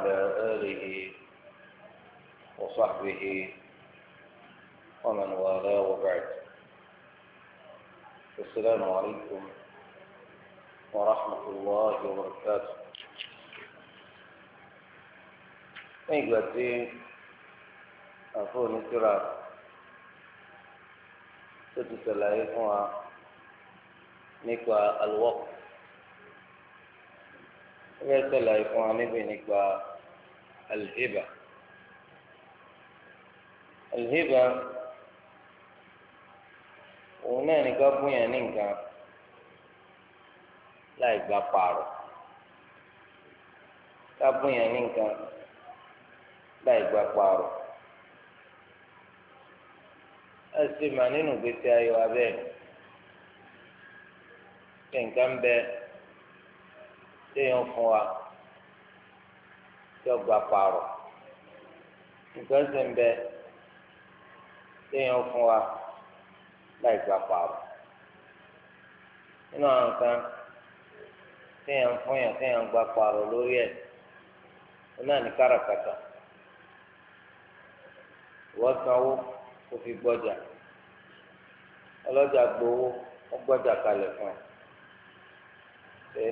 وعلى آله وصحبه ومن والاه وبعد السلام عليكم ورحمة الله وبركاته من قلتين أفوني ترى ستتلايكم نقوى الوقت ويتلايكم نبي نقوى الهبة الهبة ونانك أبويا نينكا لا يبقى يقبل أبويا نينكا لا يقبل asimani nu gbèsè ayò abẹ kẹńkà بين bẹ tẹyàn fún wa tí ọgbà pààrọ̀ nǹkan ṣe ń bẹ téèyàn fún wa láì gbà nínú àwọn nǹkan fún yàn téèyàn gba pààrọ̀ lórí ẹ̀ ó náà wọ́n sanwó kó fi gbọ́jà ọlọ́jà gbowó ó gbọ́jà kalẹ̀ fún ẹ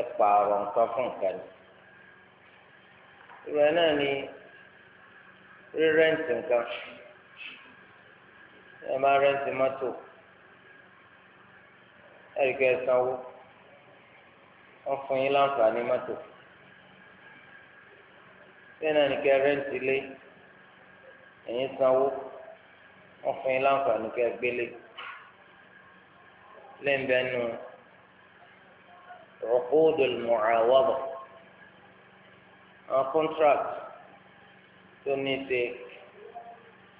ẹ nǹkan fún nǹkan ìgbà náà ni rírẹ́ǹtì nǹkan ẹ máa rẹ́ǹtì mọ́tò ẹ̀ríkẹ́ sanwó wọ́n fún yín láǹfààní mọ́tò bẹ́ẹ̀ náà ni kẹ́ rẹ́ǹtì lé ẹ̀yin sanwó wọ́n fún yín láǹfààní kẹ́ gbélé lẹ́ńbẹ́ẹ́nu uqudul mu'awada àwọn contract tó ní í ṣe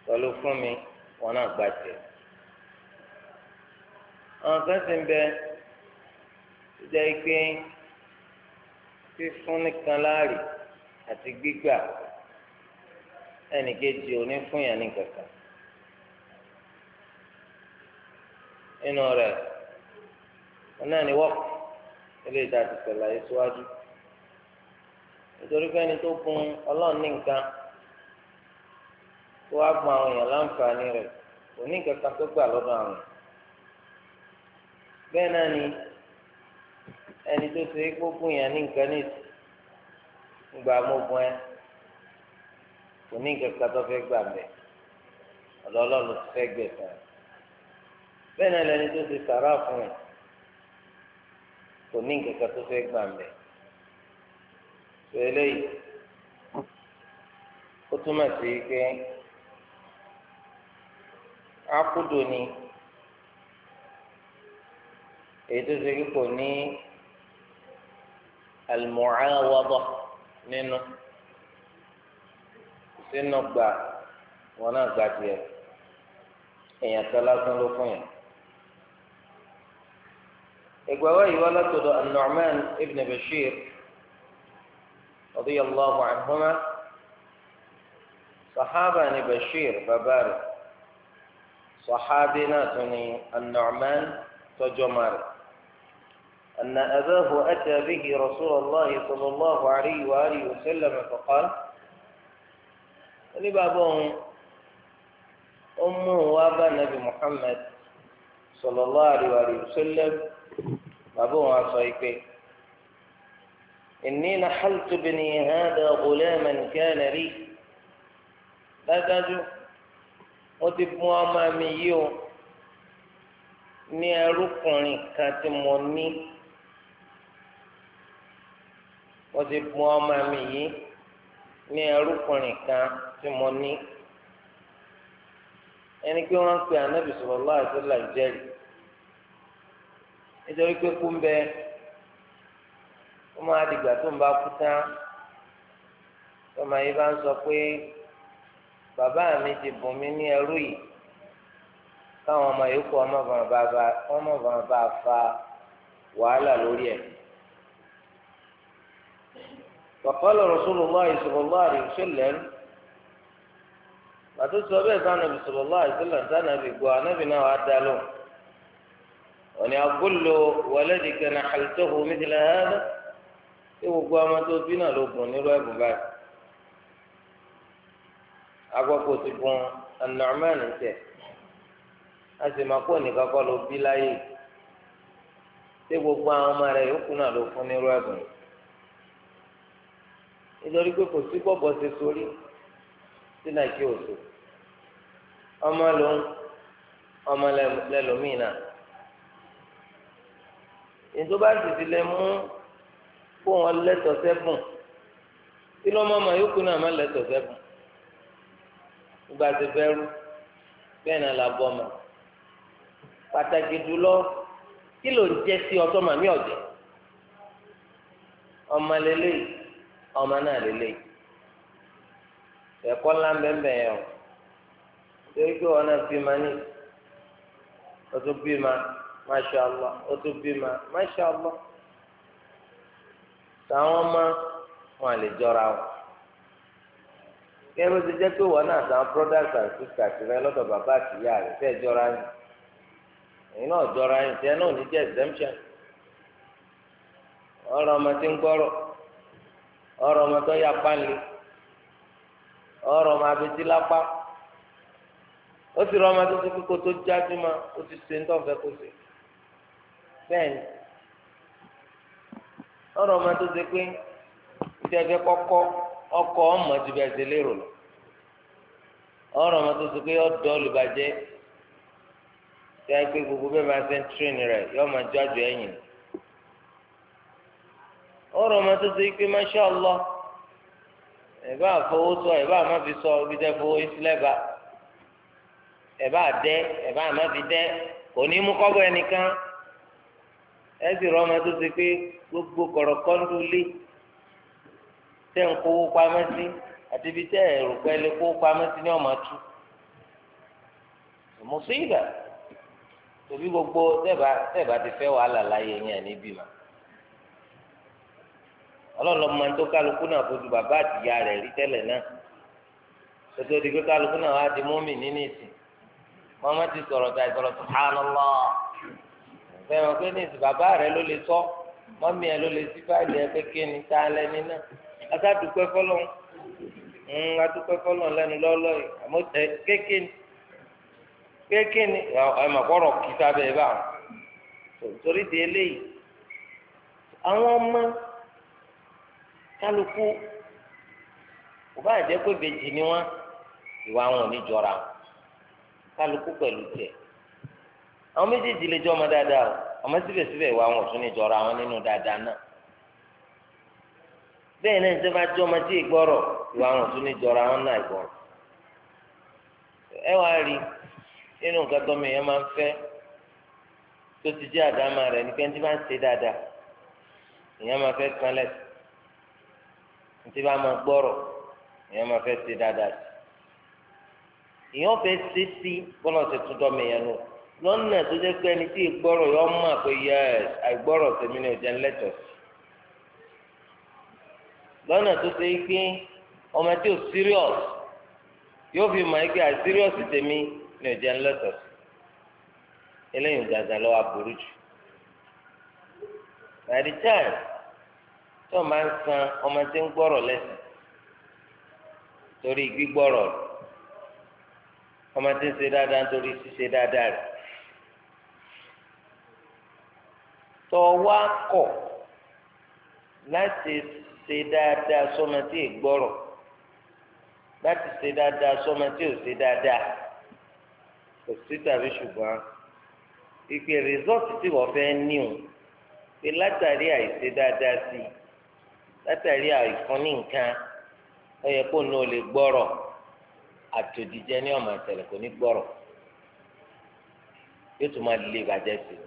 pẹ̀lú fún mi wọn náà gbà jẹ àwọn kan sì ń bẹ jẹ́ pé fífún nìkan láàrì àti gbígbà ẹnìkejì ò ní fún yàn ní kankan nínú rẹ̀ wọn náà ni wọ́pù ilé ìdájọ́ sọ̀lá yìí síwájú. So nítorí pé ẹni tó gun ọlọ́run ní nǹkan tó wá gun àwọn èèyàn láǹfààní rẹ̀ kò ní nǹkan kan tó gbà lọ́dọ̀ àwọn bẹ́ẹ̀ náà ni ẹni tó ṣe é kó gun yẹn ní nǹkan ní ìgbà mọ́gun ẹ kò ní nǹkan kan tó fẹ́ gbà bẹ́ẹ̀ ọ̀dọ̀ ọlọ́run ti fẹ́ gbẹ̀sán e bẹ́ẹ̀ náà lẹni tó ṣe sàrà fún ẹ kò ní nǹkan kan tó fẹ́ gbà bẹ́ẹ̀ sọ eléyìí ó túmọ̀ sí pé ákúdò ni èyí tó ṣe kíkò ní àlùmọ́àwọ́bọ̀ nínú sínú gbà wọn náà gbà tiẹ̀ èèyàn tó lásán ló fún yẹn. إجواء ولد النعمان ابن بشير رضي الله عنهما صحابة بشير ببارك صحابنا تني النعمان تجمر أن أباه أتى به رسول الله صلى الله عليه وآله وسلم فقال بابون أمه وأبا نبي محمد صلى الله عليه وآله وسلم بابون أصيبه إني نحلت بني هذا غلاما كان لي dájú ó ti mú ọmọ كاتموني. yìí o ní ẹrúkùnrin kan tí mo ní ó ti mú ọmọ mi yìí ní kan tí mo ní ẹni pé wọn ń pe anabi sọlọ lọ àti làjẹrì nítorí pé kú ń bẹ ó máa dìgbà tó ń bá kú tán tọ́mọ yìí bá ń sọ pé bàbá mi ti bùn mí ní ẹrú yìí káwọn ọmọ yòókù ọmọbìnrin bá fa wàhálà lórí ẹ̀. وقال رسول الله صلى الله عليه وسلم pàtó sọ bẹ́ẹ̀ bá nàbì sọ̀rọ̀ lọ́wọ́ àìsílẹ̀ tá nàbì gbọ́ ànábì náà wàá dá lóhùn. òní àgúlò wọlé dìgbà náà xaltóhu mídìlá hàdà ṣé gbogbo ọmọ tó bí náà ló bùn nírú ẹ̀bùn báyìí agbọ́kọ̀ ti bùn anọ́mọ́ọ̀nù tẹ̀ a sì máa kó nìkan kọ́ ló bí láyé ṣé gbogbo àwọn ọmọ rẹ̀ yòókù náà ló fún nírú ẹ̀bùn nítorí pé kò sí bọ̀bọ̀ ṣe sórí sí nàìjíríà òṣù ọmọ ló ń ọmọ lẹ́lòmíì náà ìjọba ti lè mú. kó wọn lẹ́tọ̀ọ́ sẹ́bùn ọmọ náà má ìgbà la bọ ọmọ pàtàkì jùlọ kí ló ń jẹ́ sí ọtọ́ màmí ọ̀jẹ̀ ọmọ lélẹ́yìí ọmọ náà lélẹ́yìí ẹ̀kọ́ ńlá bẹ́ẹ̀ yẹn o torí pé wọn náà bímọ ní o tún ma masha Allah táwọn ma wọn lè jọra wọn kẹ́rù ti jẹ́ pé wọ́n náà product brothers and sisters rẹ lọ́dọ̀ bàbá àti ìyá rẹ̀ fẹ́ jọra yín ẹ̀yin náà jọra yín tẹ́ náà ní jẹ́ exemption ọ̀rọ̀ ọmọ tí ń gbọ́rọ̀ ọ̀rọ̀ ọmọ tó yá pánlé ọ̀rọ̀ ọmọ abetí lápá ó sì rọ ọmọ tó ti kókó tó jájú ma ó ti ṣe ń tọ́ fẹ́ kó bẹ́ẹ̀ ni. ọ̀rọ̀ ọmọ tó ṣe pé ìtẹ́fẹ́ kọ́kọ́ ọkọ̀ ọmọ ju bí ẹsẹ̀ lérò lọ ọ̀rọ̀ ọmọ tó ṣe pé ọ̀dọ́ olùbàjẹ́ tí a gbogbo bẹ́ẹ̀ máa ṣe ń tírìnì rẹ̀ yọ ọmọ àjọ ẹ̀yìn ọmọ tó ṣe pé sọ fi sọ ibi tẹ́ fi dẹ́ kò ní mú kọ́bọ̀ Ezi sì rọ ọmọ gbogbo kọ̀rọ̀kọ́ńdù lé tẹ̀ ń kówó pamọ́ sí àti ibi tẹ̀ ẹ̀rù kówó pamọ́ sí ní ọmọ tú gbogbo tẹ̀bà ti fẹ́ wàhálà láyé yẹn Ọlọlọ níbí mà ọlọ́run bụ tó kálukú náà fojú bàbá àtìyá rẹ̀ rí tẹ́lẹ̀ náà tètè kálukú náà wá di mọ́mì nínú ìsìn mọ́mọ́ ti sọ̀rọ̀ fẹ́ràn pé ní ìsìn bàbá rẹ ló lè sọ mọ́mí ẹ ló lè sí fáìlì ẹ pé kí ni tá a lẹ́ni náà adúpẹ́ fọlọ́n hmm, adúpẹ́ fọlọ́n lẹ́nu lọ́lọ́ yìí àmọ́ ẹ kékeré kékeré ẹ mà kọ́rọ̀ kí sábẹ́ bá torí di eléyìí àwọn ọmọ kálukú kò bá jẹ́ pé bèjì ni wọ́n ìwà wọn ò ní jọra kálukú pẹ̀lú tiẹ̀ àwọn méjèèjì lè jọ ọmọ dáadáa o àmọ́ síbẹ̀síbẹ̀ wà wọn tún àwọn nínú dáadáa náà bẹ́ẹ̀ náà ìjọba ọmọ tí ìgbọ́rọ̀ ìwà wọn tún ní àwọn náà ìgbọ́rọ̀ ẹ wá rí nínú nǹkan tó mi yẹn máa ń fẹ́ tó ti jẹ́ àdámà rẹ̀ ní pẹ́ńtí bá ń ṣe dáadáa ìyẹn máa fẹ́ kan lẹ́sìn ntí bá máa gbọ́rọ̀ ìyẹn máa fẹ́ ṣe dáadáa sí ìyẹn fẹ́ ṣe sí lọ́nà tó jẹ́ pé ẹni tí ìgbọ́rọ̀ yọ mọ̀ pé yẹs àìgbọ́rọ̀ tèmi ni tó ṣe pé ọmọ tí ò serious yóò fi mọ̀ pé àìserious tèmi ni òjẹ́ ńlẹ́tọ̀ eléyìí gàgà lọ́wọ́ aburú jù tó ń san ọmọ tí ń gbọ́rọ̀ ọmọ tí ń ṣe dáadáa torí ṣíṣe dáadáa tọ́ wá kọ̀ láti ṣe dáadáa sọ́mọ tí ì gbọ́rọ̀ láti ṣe dáadáa sọ́mọ tí ò ṣe dáadáa kò sí tàbí ṣùgbọ́n ìpè rìsọ́ọ̀tì tí wọ́n fẹ́ ní o pé látàrí àìṣe dáadáa sí látàrí àìfúnni nǹkan ó yẹ kó ní lè gbọ́rọ̀ àtòjìjẹ ní ọ̀mà ìtẹ̀lẹ̀ kò ní gbọ́rọ̀ yóò tún máa lè bàjẹ́ sí i.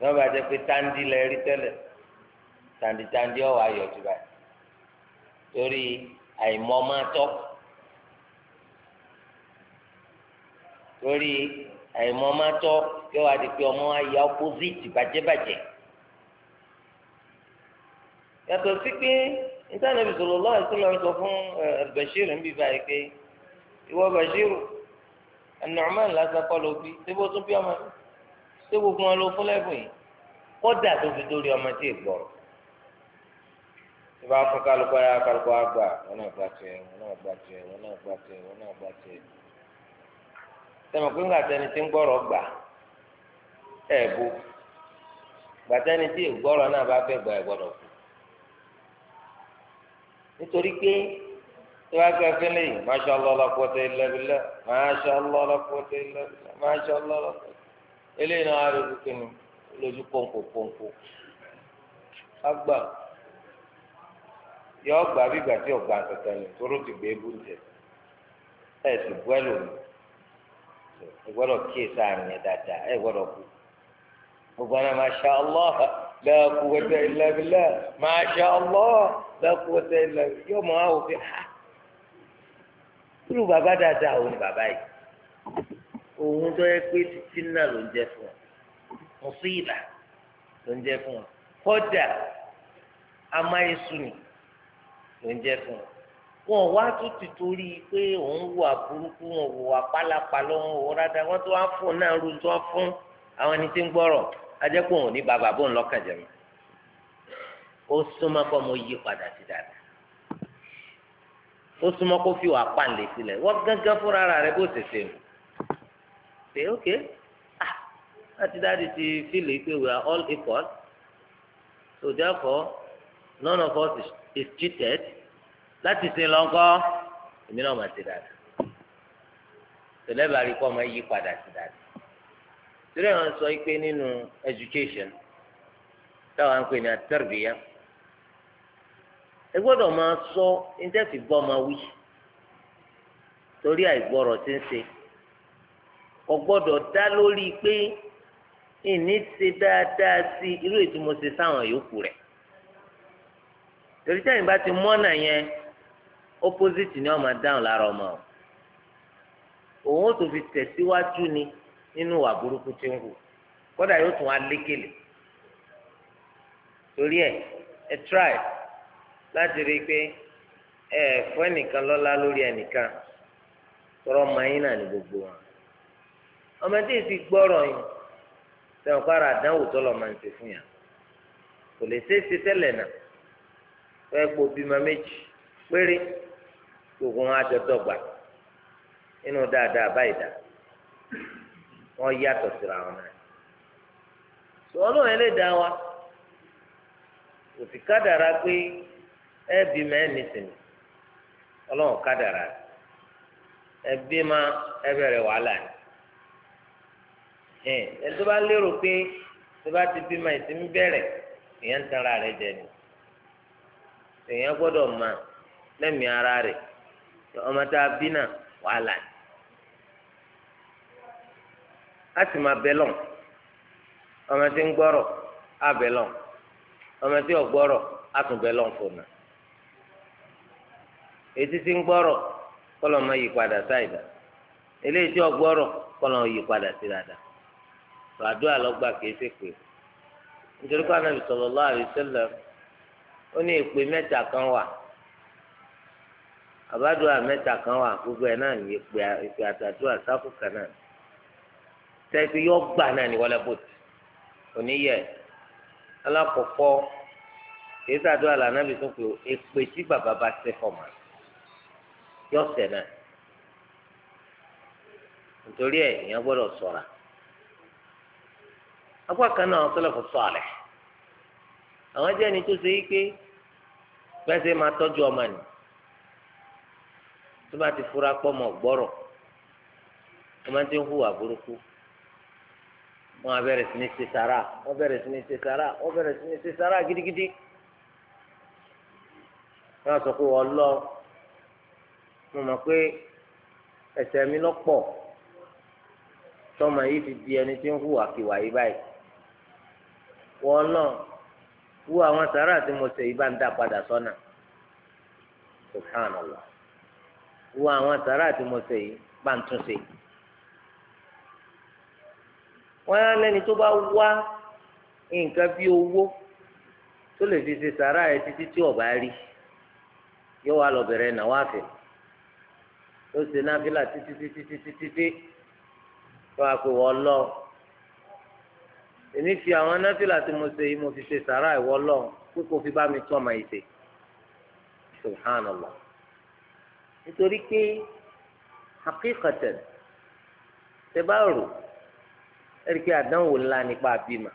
ní ọba jẹ pé tandi lẹ rí tẹ́lẹ̀ tandi tandi ọwọ ayọjú báyìí torí àìmọ̀ máa tọ́ torí àìmọ̀ máa tọ́ kí wàá di pé ọmọ ayé ọpọsíìtì bàjẹ́bàjẹ́ yàtọ̀ sí pé nítorí àbí sọlọ lọ́wọ́ ẹ̀sìn lọ́wọ́ sọ fún Bashir ń bí báyìí pé ìwọ Bashir An-Nu'man lásán kọ́ ló bí síbó tún bí ọmọ yìí. ṣé gbogbo wọn ló fún yìí kódà tó fi dórí ọmọ tí ì gbọ́ tí ya fún kálukú ayé kálukú àgbà wọn náà gbà wọn náà gbà wọn náà gbà wọn náà gbà pé ńgbà tẹni tí ń gbọ́rọ̀ gbà tí ìgbọ́rọ̀ náà bá gbà nítorí pé tí wàá gbà fẹ́lẹ́ eléyìí náà wá rí kínní lójú pọ̀npọ̀ pọ̀npọ̀ agbà yọ ọgbà bí ìgbà tí ọgbà kankan ní tóró ti gbé ebú jẹ ẹ sì bú ẹ lòmí ẹ gbọ́dọ̀ kíyè sáàrin ẹ dáadáa ẹ kú allah masha allah yọ ha bàbá dáadáa òun bàbá ohun tó yẹ pé títí náà ló ń jẹ fún ọ mùsíbà ló ń jẹ fún ọ kódà amáyésùnì ló ń jẹ fún ọ wọn wá tún ti torí pé òun wà burúkú wọn wò wà pálapàlọ wọn wò rádá wọn tó wá fún náà ru tó wá fún àwọn ẹni tí ń gbọ́rọ̀ ajẹpọ òun ní bàbá bò ń lọkàn jẹ mọ ó súnmọ́ kó mo yí padà sí dáadáa ó súnmọ́ kó fi wà pàǹlẹ sílẹ̀ wọn gángan fúnra rẹ̀ bó ṣe ṣe mu say okay ah láti dáàdi ti feel pé we are all equal so therefore none of us is, is cheated láti sin lọ́kọ́ èmi náà máa ti dáadáa tẹlẹbàárí kọ́ máa yí padà sí dáadáa torí àwọn sọ pé nínú education táwọn ń pè ní àtẹ̀rẹ̀bíyá ẹ gbọ́dọ̀ máa sọ ní tẹ́sí gbọ́ máa wí torí àìgbọ́rọ̀ tí ń ṣe kò gbọ́dọ̀ dá lórí pé ìní ṣe dáadáa sí irú ètò mo ṣe sáwọn yòókù rẹ̀ torí tẹ́yìn bá ti mọ́nà yẹn opposite ni wọ́n máa dáhùn lára ọmọ o òun ó tó fi tẹ̀síwájú ni nínú ìwà burúkú tí ń hù kódà yóò tún wá lékele torí ẹ ẹ try láti rí i pé ẹ fún ẹnìkan lọ́lá lórí ẹnìkan tọrọ mayín náà ní gbogbo wọn. ọmọdé ti gbọrọ yìí sẹ́wọ̀n kára àdánwò tó lọ́ máa ń ṣe fún yà kò lè méjì péré gbogbo wọn àjọ nínú dáadáa báyìí wọn yàtọ síra wọn náà wa pé ẹ bímọ ẹ ẹ wàhálà ni. ẹ ẹ tó bá lérò pé tó bá ti bímọ ìsinmi bẹ̀rẹ̀ èèyàn ń tanra rẹ̀ jẹ ni èèyàn gbọdọ mọ̀ ara rẹ̀ ọmọ tá a bí náà wàhálà ni a sì máa bẹ ọmọ tí ń gbọrọ á bẹ ọmọ tí ò gbọ́rọ̀ á tún bẹ lọ́n fònà etí tí ń gbọ́rọ̀ kọ́lọ́ máa fàdúrà lọ́gbà kìí ṣe pé nítorí pé Ànábì sallallahu alaihi wasallam ó ní èpè mẹ́ta kan wà àbádùrà mẹ́ta kan wà gbogbo ẹ̀ náà ní ìpè àtàdúrà sáfùkà náà tẹ́sí yọ gbà náà ní wọlé bòtì oníyẹ alákọ̀ọ́kọ́ kìí ṣàdúrà lànàbì tó pé èpè tí bàbá bá ṣe fọmà yọ sẹ̀ náà nítorí ẹ̀ ìyẹn gbọ́dọ̀ ṣọ́ra. apá kan náà sọlẹ̀fù sọ̀lẹ̀ àwọn jẹ́ ẹni tó ṣe é pé pẹ́sẹ́ máa tọ́jú ọmọ nì tó bá ti fura pọ́ mọ̀ gbọ́rọ̀ wọ́n máa ti ń hùwà burúkú wọ́n á bẹ̀rẹ̀ sí ní ṣe sàrà wọ́n bẹ̀rẹ̀ sí ní ṣe sàrà wọ́n bẹ̀rẹ̀ sí ní ṣe gidigidi wọ́n sọ pé wọ́n lọ mo mọ̀ pé ẹsẹ̀ mi lọ́pọ̀ tọ́mọ yìí fi di ẹni tí ń hùwà kíwà yìí báyìí wọ́n náà wú àwọn sàrà tí mo ṣe yìí bá ń dá padà sọ́nà subhanallah wú àwọn sàrà tí mo ṣe yìí bá ń tún ṣe. wọ́n á lẹ́ni tó bá wá nǹkan bí owó tó lè fi ṣe sàrà ẹ̀ títí tí ọ̀bá rí yóò wá lọ bẹ̀rẹ̀ náà wá fẹ̀ tó ṣe náfìlà títí títí títí títí tó a pè wọ́n lọ́ọ́ èmi fi àwọn náfìlà tí mo ṣe yìí mo fi ṣe sàrà ìwọ lọ́hùn pé kò fi bá mi tọ́ ọmọ ìṣe subhanallah nítorí pé hakíkọ̀tẹ̀ tẹ bá rò ẹ̀rí pé àdánwò ńlá nípa àbímọ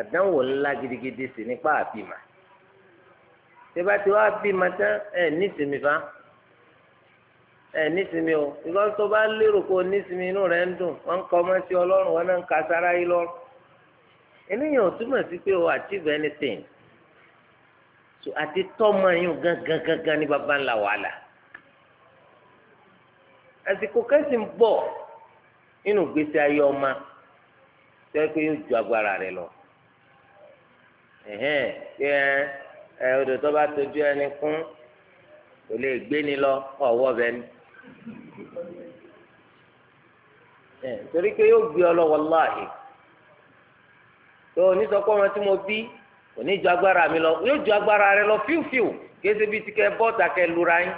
àdánwò ńlá gidigidi sí nípa àbímọ tẹ bá ti wá bímọ tán ẹ̀ ní ìsinmi fáá. ẹ nísìmí o ìgbà tó bá lérò pé o nísìmí inú rẹ ń dùn wọn ń kọ ọmọ sí ọlọ́run wọn náà ń ka sára yìí lọ́rùn pé o achieve anything àti tọ́mọ yín gangan gangan ní baba ńlá wàhálà àsìkò kẹ́sì ń bọ̀ nínú gbèsè ayé ọma tẹ́ pé yóò ju agbára rẹ lọ tó bá ni lọ ọ̀wọ́ ẹ torí pé yóò gbé ọ lọ wàláhì tó o ní sọ pé ọmọ tí mo bí kò ní mi lọ yóò ju agbára rẹ lọ fíufíu bíi ti kẹ bọ́ọ̀tà kẹ lura yín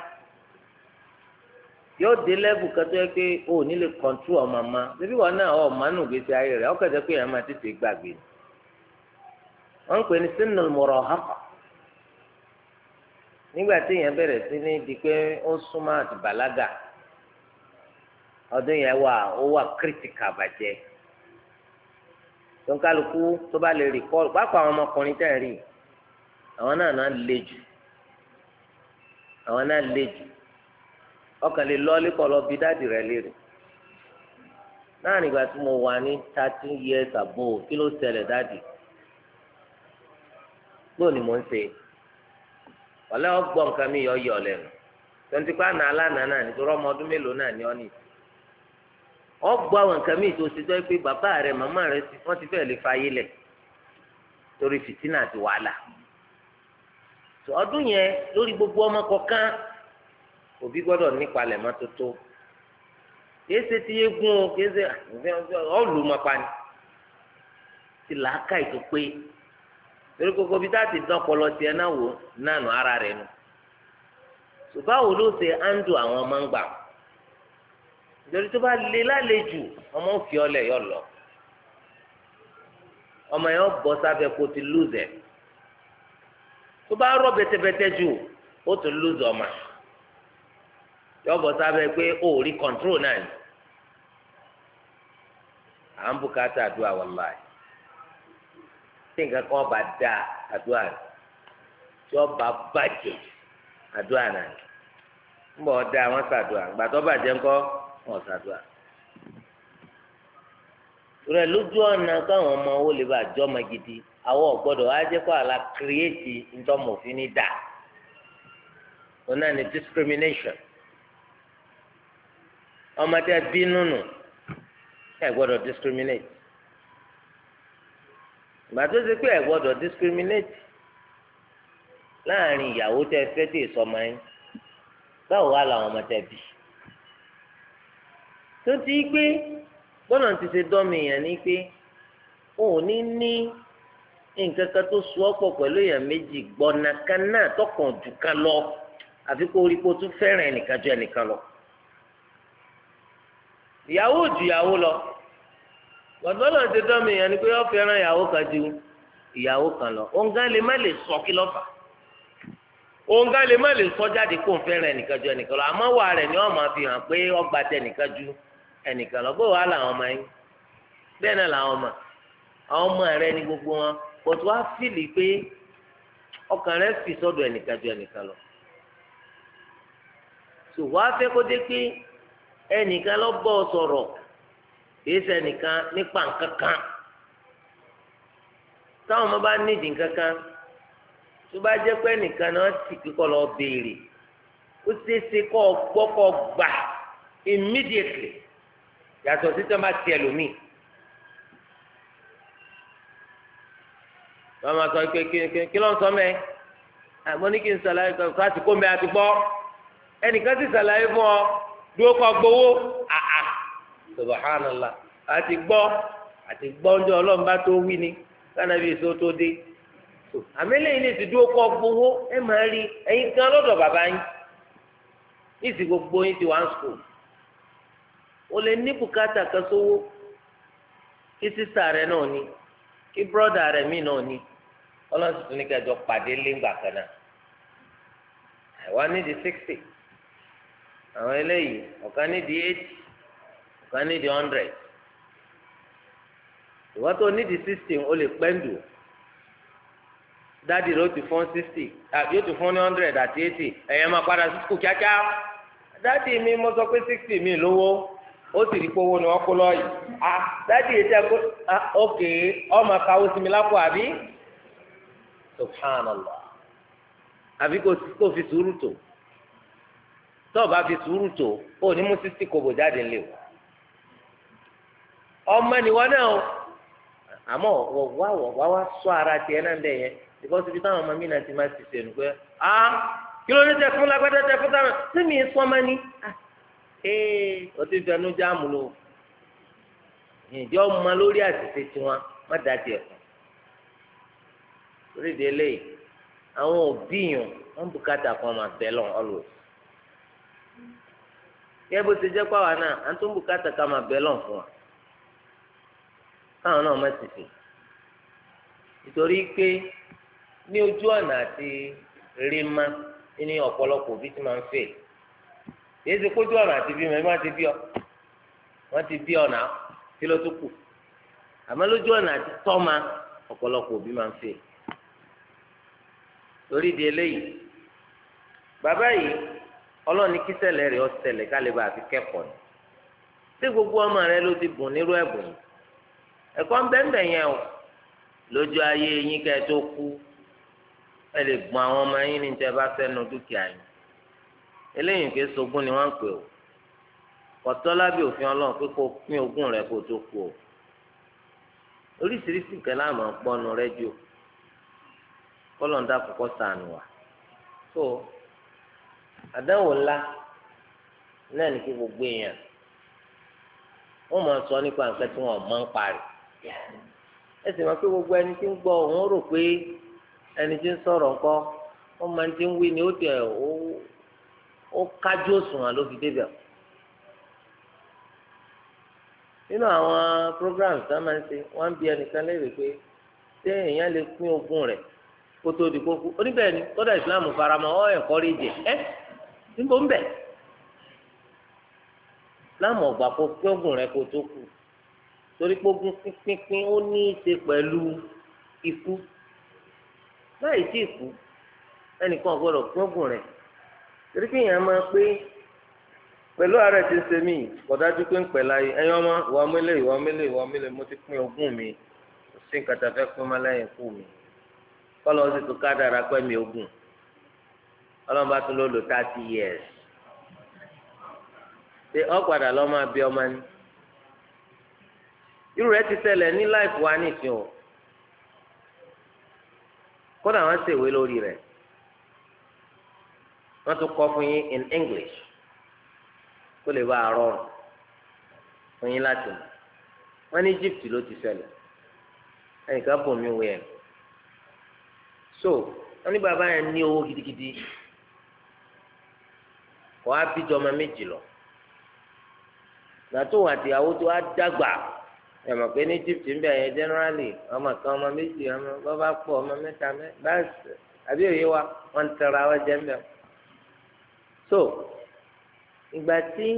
yóò dé lẹ́bù kẹtọ́ yẹ pé o ní lè kọ́ńtù ọmọ ma ṣébí wọn náà ọ̀ mánú gbèsè ayé rẹ̀ ọ̀kẹ́tẹ́ pé ẹ̀ máa tètè gbàgbé nígbà tí èèyàn bẹ̀rẹ̀ sí ní di pé ó súnmọ́ àti bàlágà ọdún yẹn wà ó wà kírítíkà bàjẹ́ tonkaluku tó bá lè rìkọ́ọ̀lù pápá àwọn ọmọkùnrin tẹ̀ rí le jù àwọn náà le jù ọkàn lè bí dáàdì rẹ̀ náà nígbà tí mo wà ní thirteen years ago kí ló ṣẹlẹ̀ dáàdì ni mo ń ṣe ọ̀lẹ́ ọgbọ nǹkan mi yọ yọ lẹ́nu tonti pa ana alánà náà ọmọ ọdún mélòó náà ní ọ ní ọgbọ́ àwọn nǹkan mi tó bàbá rẹ màmá rẹ wọ́n ti fẹ́ẹ́ lè fa ayé lẹ̀ torí fìtínà àti wàhálà lórí gbogbo ọmọ kọ̀ọ̀kan òbí gbọ́dọ̀ nípalẹ̀ mọ́ kìí ṣe ti o kìí ṣe ni ti torí gbogbo bí táà ti dán ọpọlọ tiẹ̀ náà wò nánu ara rẹ̀ nu ṣùgbọ́n àwọn olóòṣè á ń dùn àwọn ọmọ ń gbà nítorí tó bá lé lálejò ọmọ òfin ọlẹ yọ lọ ọmọ yẹn bọ sábẹ́ kó ti lùzẹ tó bá rọ bẹtẹbẹtẹ jù ó tún lùzẹ ọmọ yọ bọ sábẹ́ pé ó rí kọńtrol náà ni à ń bùkátà àdúrà wàláì tí nǹkan kan bá da àdúrà tí wọ́n bá bàjẹ́ àdúrà náà ń bọ̀ da wọ́n ṣàdúrà ìgbà tó bàjẹ́ ńkọ́ wọ́n ṣàdúrà. rẹ̀ lójú ọ̀nà káwọn ọmọ owó lè bá jọ́ ọmọ gidi àwọn ọ̀gbọ́dọ̀ á jẹ́ àlà kírẹ́ẹ̀tì ntọ́mọ̀fin ní dà discrimination ọmọdé bínú nù ẹ discriminate ìgbà ṣe pé ẹ discriminate láàrin ìyàwó tẹ fẹ́ tẹ sọmọ yín báwo wá làwọn ọmọ tẹ bí tó ti pé bọ́nà ti ṣe dọ́mi èèyàn ni pé o ò ní ní nǹkan kan tó so ọ́pọ̀ pẹ̀lú èèyàn méjì gbọ́nà kan náà tọkàn jù kan lọ àfi kó kó ju ẹnìkan lọ bàbá náà ti dán mi yẹn ni pé ó fẹ́ràn ìyàwó kan ju ìyàwó kan lọ òǹgá lè má lè sọ kí lọ́fà òǹgá lè má lè sọ jáde kó n fẹ́ràn ẹnìkan ju ẹnìkan lọ àmọ́ wà rẹ̀ ni wọ́n máa fi hàn pé ọgbà tẹ ẹnìkan ju ẹnìkan lọ bó wàá làwọn ọmọ yín bẹ́ẹ̀ náà làwọn ọmọ àwọn ọmọ rẹ ni gbogbo wọn kòtò wá fìlì pé ọkàn rẹ fi sọ́dọ̀ ẹnìkan ju ẹnìkan lọ tò wá kó dé pé ẹnìkan lọ bọ́ sọ̀rọ̀ kìí sẹ́nìkan nípa nǹkan kan táwọn ọmọ bá nídìí nǹkan kan tó bá jẹ́ pé nìkan náà ti kíkọ́ lọ béèrè ó ṣeéṣe kọ́ ọ gbọ́ kọ́ gbà immediately yàtọ̀ sí tó máa ti ẹlòmíì. wọ́n máa sọ pé kí ló ń sọ mẹ́ àmọ́ ní kí n ṣàlàyé kan fásitì kó mẹ́ àti ẹnìkan ti ṣàlàyé fún ọ dúró kọ́ gbowó àà subhanallah àti gbọ́ àti gbọ́ ń ọlọ́run bá tó wí ni kánàbí èso tó dé àmẹ́lẹ́ yìí lè ti dúró kọ́ gbowó ẹ máa rí kan lọ́dọ̀ bàbá yín gbogbo yín ti one school. o lè ní bùkátà kan sówó kí sísá rẹ náà ní kí bírọ́dà rẹ mí náà ní ọlọ́run tuntun ní kẹjọ pàdé léngbà kan náà àwa nídìí sixty àwọn eléyìí ọ̀kan nídìí eighty kan nídìí hundred ìwọ tó nídìí sixty ó lè pẹ́ndù dáàdi ló ti fún sixty yóò ti fún ní hundred àti eighty ẹ̀yẹ́ máa padà sí sukù kíákíá dáàdi mi mo sọ pé sixty mi lówó ó sì rí ni wọ́n kó ah yìí tẹ́ kó ok ọmọ kàwé sinmi lápò àbí subhanallah àbí kò fi sùúrù tó tọ́ọ̀ bá fi sùúrù tó ó ní mú sixty jáde ńlẹ̀ ọmọ nìwọ náà o àmọ́ wá sọ ara náà yẹn because ibi táwọn ọmọ mi náà ti máa ti pé a kí ló ní táwọn ee eh, o ti fẹnu jáàmù lò ọmọ lórí tiwọn má lórí àwọn òbí yàn wọn bùkátà kan máa lọ bó ti pàwọn náà à ń tún bùkátà káwọn náà má sì fi nítorí pé ní ojú ọ̀nà àti rímá ní ọ̀pọ̀lọpọ̀ òbí tí máa ń fè yéé ṣe kójú ọ̀nà àti bímọ ẹ má ti bí ọ wọ́n ti bí ọ̀nà ló kù àmọ́ lójú ọ̀nà àti tọ́ma ọ̀pọ̀lọpọ̀ òbí máa ń fè lórí di eléyìí bàbá yìí rẹ̀ gbogbo ọmọ rẹ ló ti bùn nírú ẹ̀kọ́ ń bẹ́ẹ̀ yẹn o lójú ayé yín kẹ́ ẹ tó kú ẹ lè gbọ́n àwọn ọmọ yín ní tẹ́ bá fẹ́nu dúkìá yín eléyìí kì í sogún ni wọ́n ń pè o kọ̀tọ́ lábẹ́ òfin ọlọ́run pé kó pín ogún rẹ̀ kó tó kú o oríṣiríṣi nǹkan láàmú gbọ́nu rẹ́díò kọ́lọ́ńdà kọ́kọ́ sànù wá so àdánwò ńlá náà ní kí gbogbo èèyàn wọ́n máa sọ nípa nǹkan tí wọ́n máa ń parí ẹ sì mọ̀ pé gbogbo ẹni tí ń gbọ́ òun rò pé ẹni tí ń sọ̀rọ̀ ńkọ́ máa ń ti ń wí ni ó ó kájú òṣùwọ̀n ló fi nínú àwọn programs tá a máa ń ṣe wọ́n ń ẹnìkan léèrè pé ṣé èèyàn lè pín ogún rẹ̀ kó tó di kókó oníbẹ̀ ni kódà ìsìláàmù faramọ́ ọ̀ ẹ̀kọ́ rí jẹ torí pé ogún pínpín ó ní í ṣe pẹ̀lú ikú láì sí ikú ẹnìkan gbọ́dọ̀ gbọ́gùn rẹ̀ torí pé èèyàn máa pé pẹ̀lú ààrẹ ti ṣe mí kò dájú pé ń pẹ̀ láyé ẹ̀yin ọmọ ìwà mílẹ̀ ìwà mílẹ̀ ìwà mílẹ̀ mo ti pín ogún mi kò sí nǹkan tá a fẹ́ pín má lẹ́yìn ikú mi kọ́lọ́ sì tún ká dára pẹ́ mi ogún ọlọ́run bá tún lò lò thirty years ṣé ọ́ padà lọ́ máa bí ọmọ ni irú rẹ̀ ti ṣẹlẹ̀ ní láìpù wa nìsín o kódà wọ́n ṣèwé lórí rẹ̀ wọ́n tún kọ́ fún yín in English kó lè bá a rọrùn fún yín láti mọ̀ wọ́n ní Egypt ló ti ṣẹlẹ̀ ẹnìkan bò mí wẹ̀ so wọ́n ní bàbá yẹn ní owó gidigidi kọ́ á bí jọmọ méjì lọ gbàtò àtìyàwó tó á dàgbà ẹ̀mọ̀ pé ní Egypt ń bẹ̀ yẹn generally ọmọ kan ọmọ méjì ọmọ bọ́bá pọ̀ ọmọ mẹ́ta mẹ́ báyìí àbí òye wa wọ́n ń tẹ̀ra wọ́n jẹ́ mbẹ́. so ìgbà tí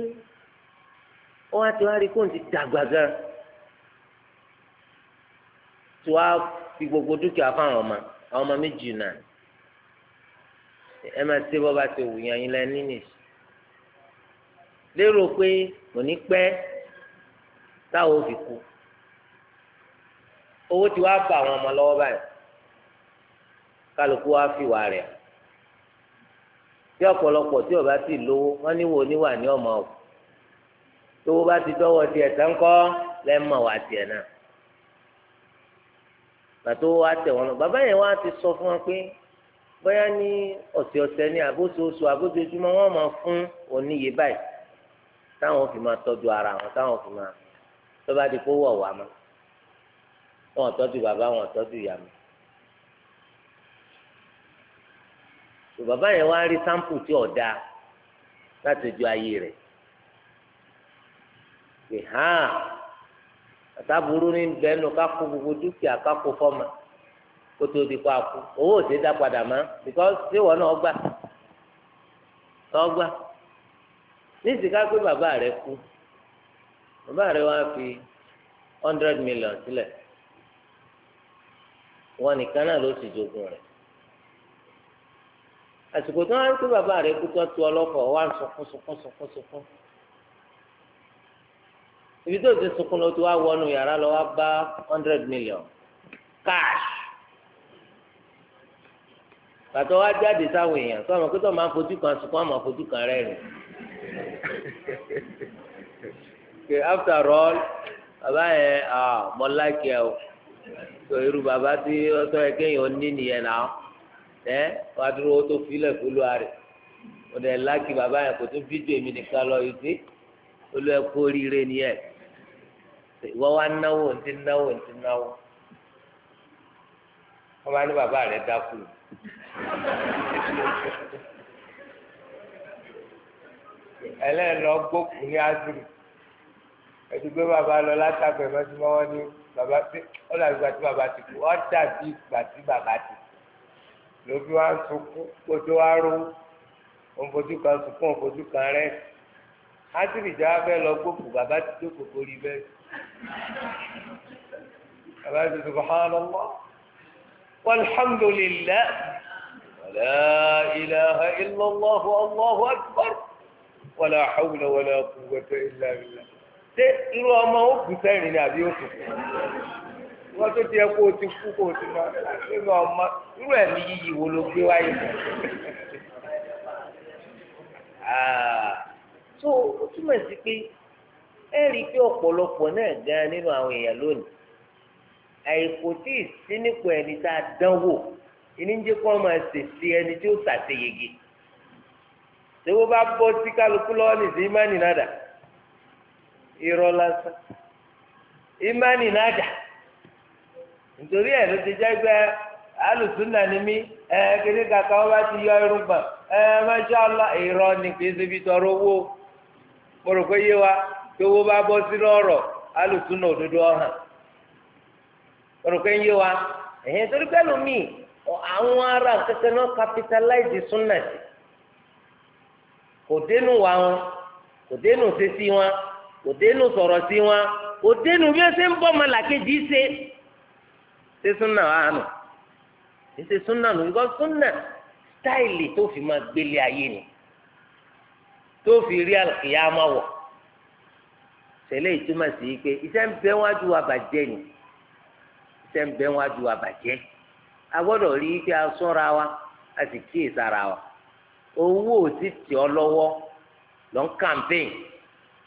ó wá ti wá rí kóun ti dàgbà gan tí wàá fi gbogbo dúkìá fáwọn ọmọ àwọn ọmọ méjì náà ẹ máa ṣe bọ́ba ti wù yàn yín lẹ́ni nìyí lérò pé kò ní pẹ́ táwọn ò kú owó ti wá bá àwọn ọmọ lọ́wọ́ báyìí kálukú wá fìwà rẹ̀ tí ọ̀pọ̀lọpọ̀ tí ọba ti lówó wọn níwò níwà ní ọmọ o tówó bá ti dọ́wọ́ tiẹ̀ tán kọ́ lẹ́mọ̀ wá tiẹ̀ náà gbàtó wá tẹ̀ wọn lọ bàbá yẹn wá ti sọ fún wọn pé bóyá ní ọ̀sẹ̀ ọ̀sẹ̀ ní àbóṣoṣù àbóṣojúmọ́ wọn máa fún oníyè báyìí táwọn fi máa tọ́jú ara wọn táwọn fi máa tó bá di kó wọ̀ máa wọn tọ́jú bàbá wọn tọ́jú ìyá mi. tó bàbá yẹn wá rí sáǹpù tí ọ̀dà láti ju ayé rẹ̀ pé hàn àtàbúrú ní bẹ́ẹ̀nù kákó gbogbo dúkìá kákó fọ́mà kó tó di kó akú owó ò sí dá padà mọ́ because ṣé wọn náà gbà náà gbà ní ìsìká pé bàbá rẹ̀ kú bàbá rẹ̀ wá fi hundred million sílẹ̀. Si wọn nìkan náà ló sì jogún rẹ̀ àsìkò tí wọn pé bàbá rẹ̀ kú tó tu ọlọpọ wà ń sunkún sunkún sunkún sunkún ibi tó ti sunkún ló ti wá wọnú yàrá lọ wá bá hundred million cash pàtó wá jáde sáwọn èèyàn tó àwọn akótó máa ń fojú kan sunkún àmọ́ fojú kan rẹ́rìn okay after all bàbá yẹn ah, mọ láìkẹ́ o tó irú bàbá tí ọtọ́ yẹ kéèyàn ní nìyẹn náà ẹ wàá dúró ó tó filẹ̀ fúlù àrè mo dẹ̀ láàkì bàbá yẹn kò tún fídíò èmi nìkan lọ yìí sí olú ẹ kú oríire nìyẹn ìwọ wa náwó ntí náwó ntí náwó wọn bá ní bàbá rẹ dákú ẹlẹ́yìn lọ gbókùn ní azùrù ẹ̀dùgbé bàbá lọ látàgbẹ̀ mọ́tí mọ́wọ́ ní bàbá tí ọ̀là ìgbà tí bàbá ti kú ọ̀dà bí ìgbà tí bàbá ti kú lóbi wá ń sunkún kótó wá ró òǹfojú kan sunkún òǹfojú kan rẹ átìrìjà abẹ́ lọ gbókù bàbá ti tó kòkó rí bẹ́ẹ̀ bàbá ti sọ subhanallah walhamdulillah wala ilaha illallah wallahu akbar wala hawla wala quwwata illa ṣé irú ọmọ ó bù sẹ́rìn ni àbí ó kù wọ́n tó ti yẹ kó o ti kú kó o ti mọ nínú ọmọ irú ẹ̀mí yíyí wo ló gbé wáyé mọ́ ah. so ó túmọ̀ sí pé ẹ rí i pé ọ̀pọ̀lọpọ̀ náà gan nínú àwọn èèyàn lónìí àìkò tí ì sí nípò ẹni tá a dánwò ìníjẹ́ kọ́ máa ṣèṣe ẹni tí ó ṣàṣeyege tí wọ́n bá bọ́ sí kálukú lọ́wọ́ nìṣẹ́ ìmánì náà dà. irọ́ lásán ìmánì nàjà nítorí ẹ̀ ló ti jẹ́ pé alùsùnà ni mí ẹ kéde kàkà bá ti yọ irun gbọ̀n ẹ masha Allah irọ́ ni kì í ṣe fi tọrọ owó mo rò pé wa tó owó bá bọ́ sínú ọ̀rọ̀ òdodo ọ̀hàn mo rò pé wa ẹ̀yìn torí pẹ́ lómi àwọn ará náà capitalize súnà sí kò dénú wa wọn kò dénú kò dénú sọ̀rọ̀ sí wọn kò bí ó ṣe ń bọ́ ọmọ làkejì ṣe ṣe súnà àánú ṣe súnà nù súnà tó fi máa gbélé ayé ni tó fi rí àkìyà máa wọ̀ tẹ̀lé ìtumọ̀ sí pé iṣẹ́ ń bẹ wájú àbàjẹ́ ni iṣẹ́ ń bẹ wájú àbàjẹ́ a gbọ́dọ̀ a sọ́ra wa a sì kíyèsára wa owó ò ti tì ọ́ lọ́wọ́ lọ́n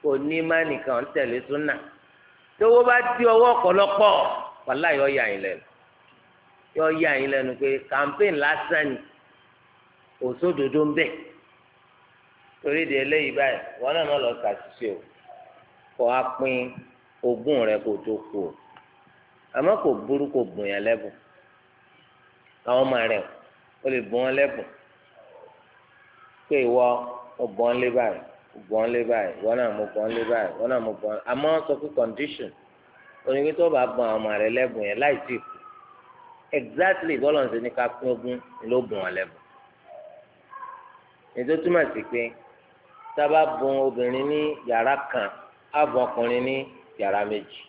kò ní má nìkan ń tẹ̀lé súnà tówó bá di ọwọ́ ọ̀pọ̀lọpọ̀ wàhálà yọ ya yín lẹ́nu yọ ya yín lẹ́nu pé campaign lásán ni òsódodo ń bẹ torí di eléyìí báyìí wọn náà lọ ṣàṣìṣe o kọ á pín ogún rẹ kó tó kú o àmọ́ kò burú kò bùn yẹn lẹ́bùn àwọn ọmọ rẹ o lè bùn wọn lẹ́bùn pé ìwọ ọgbọ́n lé báyìí gbọ́n lé báyìí wọ́n náà mo gbọ́n lé báyìí wọ́n náà mo gbọ́n àmọ́ sọ pé condition onígbé tó bá gbọ́n àwọn ọmọ rẹ lẹ́bùn yẹn láì tí kù exactly bọ́lọ̀ ṣe ní ká pín ogún ló bùn wọn lẹ́bùn ètò túmọ̀ sí pé sábà bùn obìnrin ní yàrá kan àbùn ọkùnrin ní yàrá méjì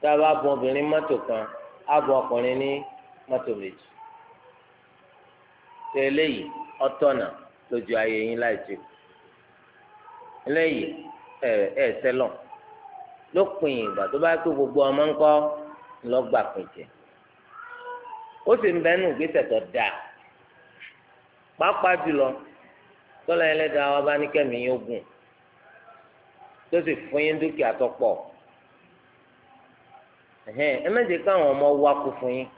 sábà bùn obìnrin mọ́tò kan àbùn ọkùnrin ní mọ́tò méjì tẹ́lẹ̀ yìí ọ̀tọ̀nà lójú ayé yín láì jù eléyìí ẹ ẹ sẹlọ lópin ìgbà tó bá pé gbogbo ọmọ ńkọ́ lọgbà pèjẹ ó sì ń bẹnu ìgbésẹ̀ tó dáa pàápàá jùlọ tọ́lá ẹlẹ́dàá wa bá ní kẹ́mi yín ogun tó sì fún yín dúkìá tó pọ̀ ẹ méje káwọn ọmọ wá kú fún yín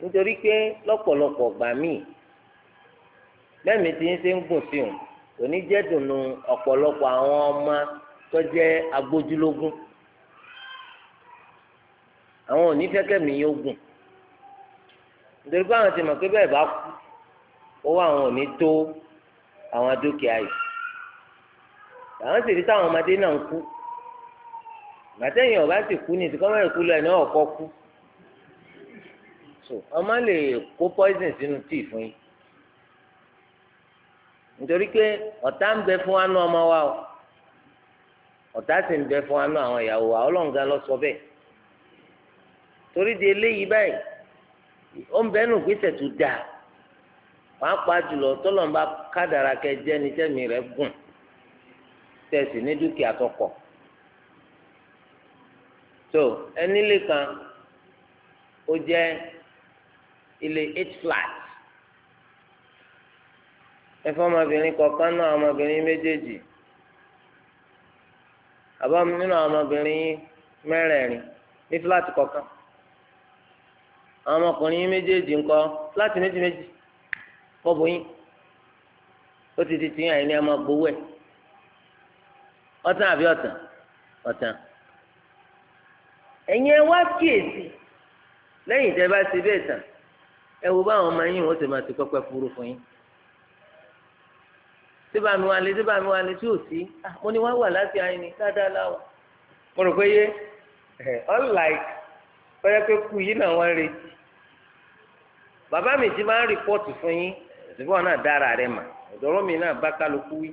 nítorí pé lọ́pọ̀lọpọ̀ gbà míì bẹ́ẹ̀mi tí ń ṣe ń gùn sí òun kò ní jẹ́ dùnú ọ̀pọ̀lọpọ̀ àwọn ọmọ tó jẹ́ agbójúlógún àwọn onífẹ́kẹ̀mí yóò gùn nítorí pé àwọn ti mọ̀ pé bẹ́ẹ̀ bá kú owó àwọn ò ní tó àwọn dúkìá yìí àwọn sì rí táwọn ọmọdé náà ń kú gbàtẹ́yìn ọ̀gá sì kú ní ìsìnkọ́mọ́ ìkú lọ ẹ̀ní ọ̀kọ́ kú ọmọ lè kó poison sínú tíì fún yín nítorí pé ọ̀tá ń bẹ fún wa o ọ̀tá sì ń bẹ fún anú àwọn ìyàwó wa ọlọ́ǹgá lọ sọ bẹ́ẹ̀ torí di eléyìí báyìí ó ń bẹ́ẹ̀ gbèsè tó dáa pàápàá jùlọ tọ́lọ́mbà kádàrà gùn tẹ̀sí ní dúkìá tó ó jẹ́ ilé eight flat ẹfọ ọmọbìnrin kọ̀ọ̀kan náà ọmọbìnrin méjèèjì àbá nínú ọmọbìnrin ní fúláàtì kọ̀ọ̀kan àwọn ọmọkùnrin méjèèjì ńkọ́ fúláàtì méjì méjì ó ti di ọmọ gbowó àbí ẹ wá kíyèsí bá ti bẹ́ẹ̀ tàn ẹ wo ọmọ yín máa ti dibanu ali dibanu ali tí o sí ah, mo ní wa wà láti ayé ni dáadáa láwọ̀ mo rò pé yé unlike pẹ́ẹ́rẹ́ pé kú yìí náà retí bàbá mi ti máa ń rìpọ́ọ̀tù fún yín ṣùgbọ́n náà dára rẹ̀ mà ọ̀dọ́rọ́ mi náà bá kálukú wí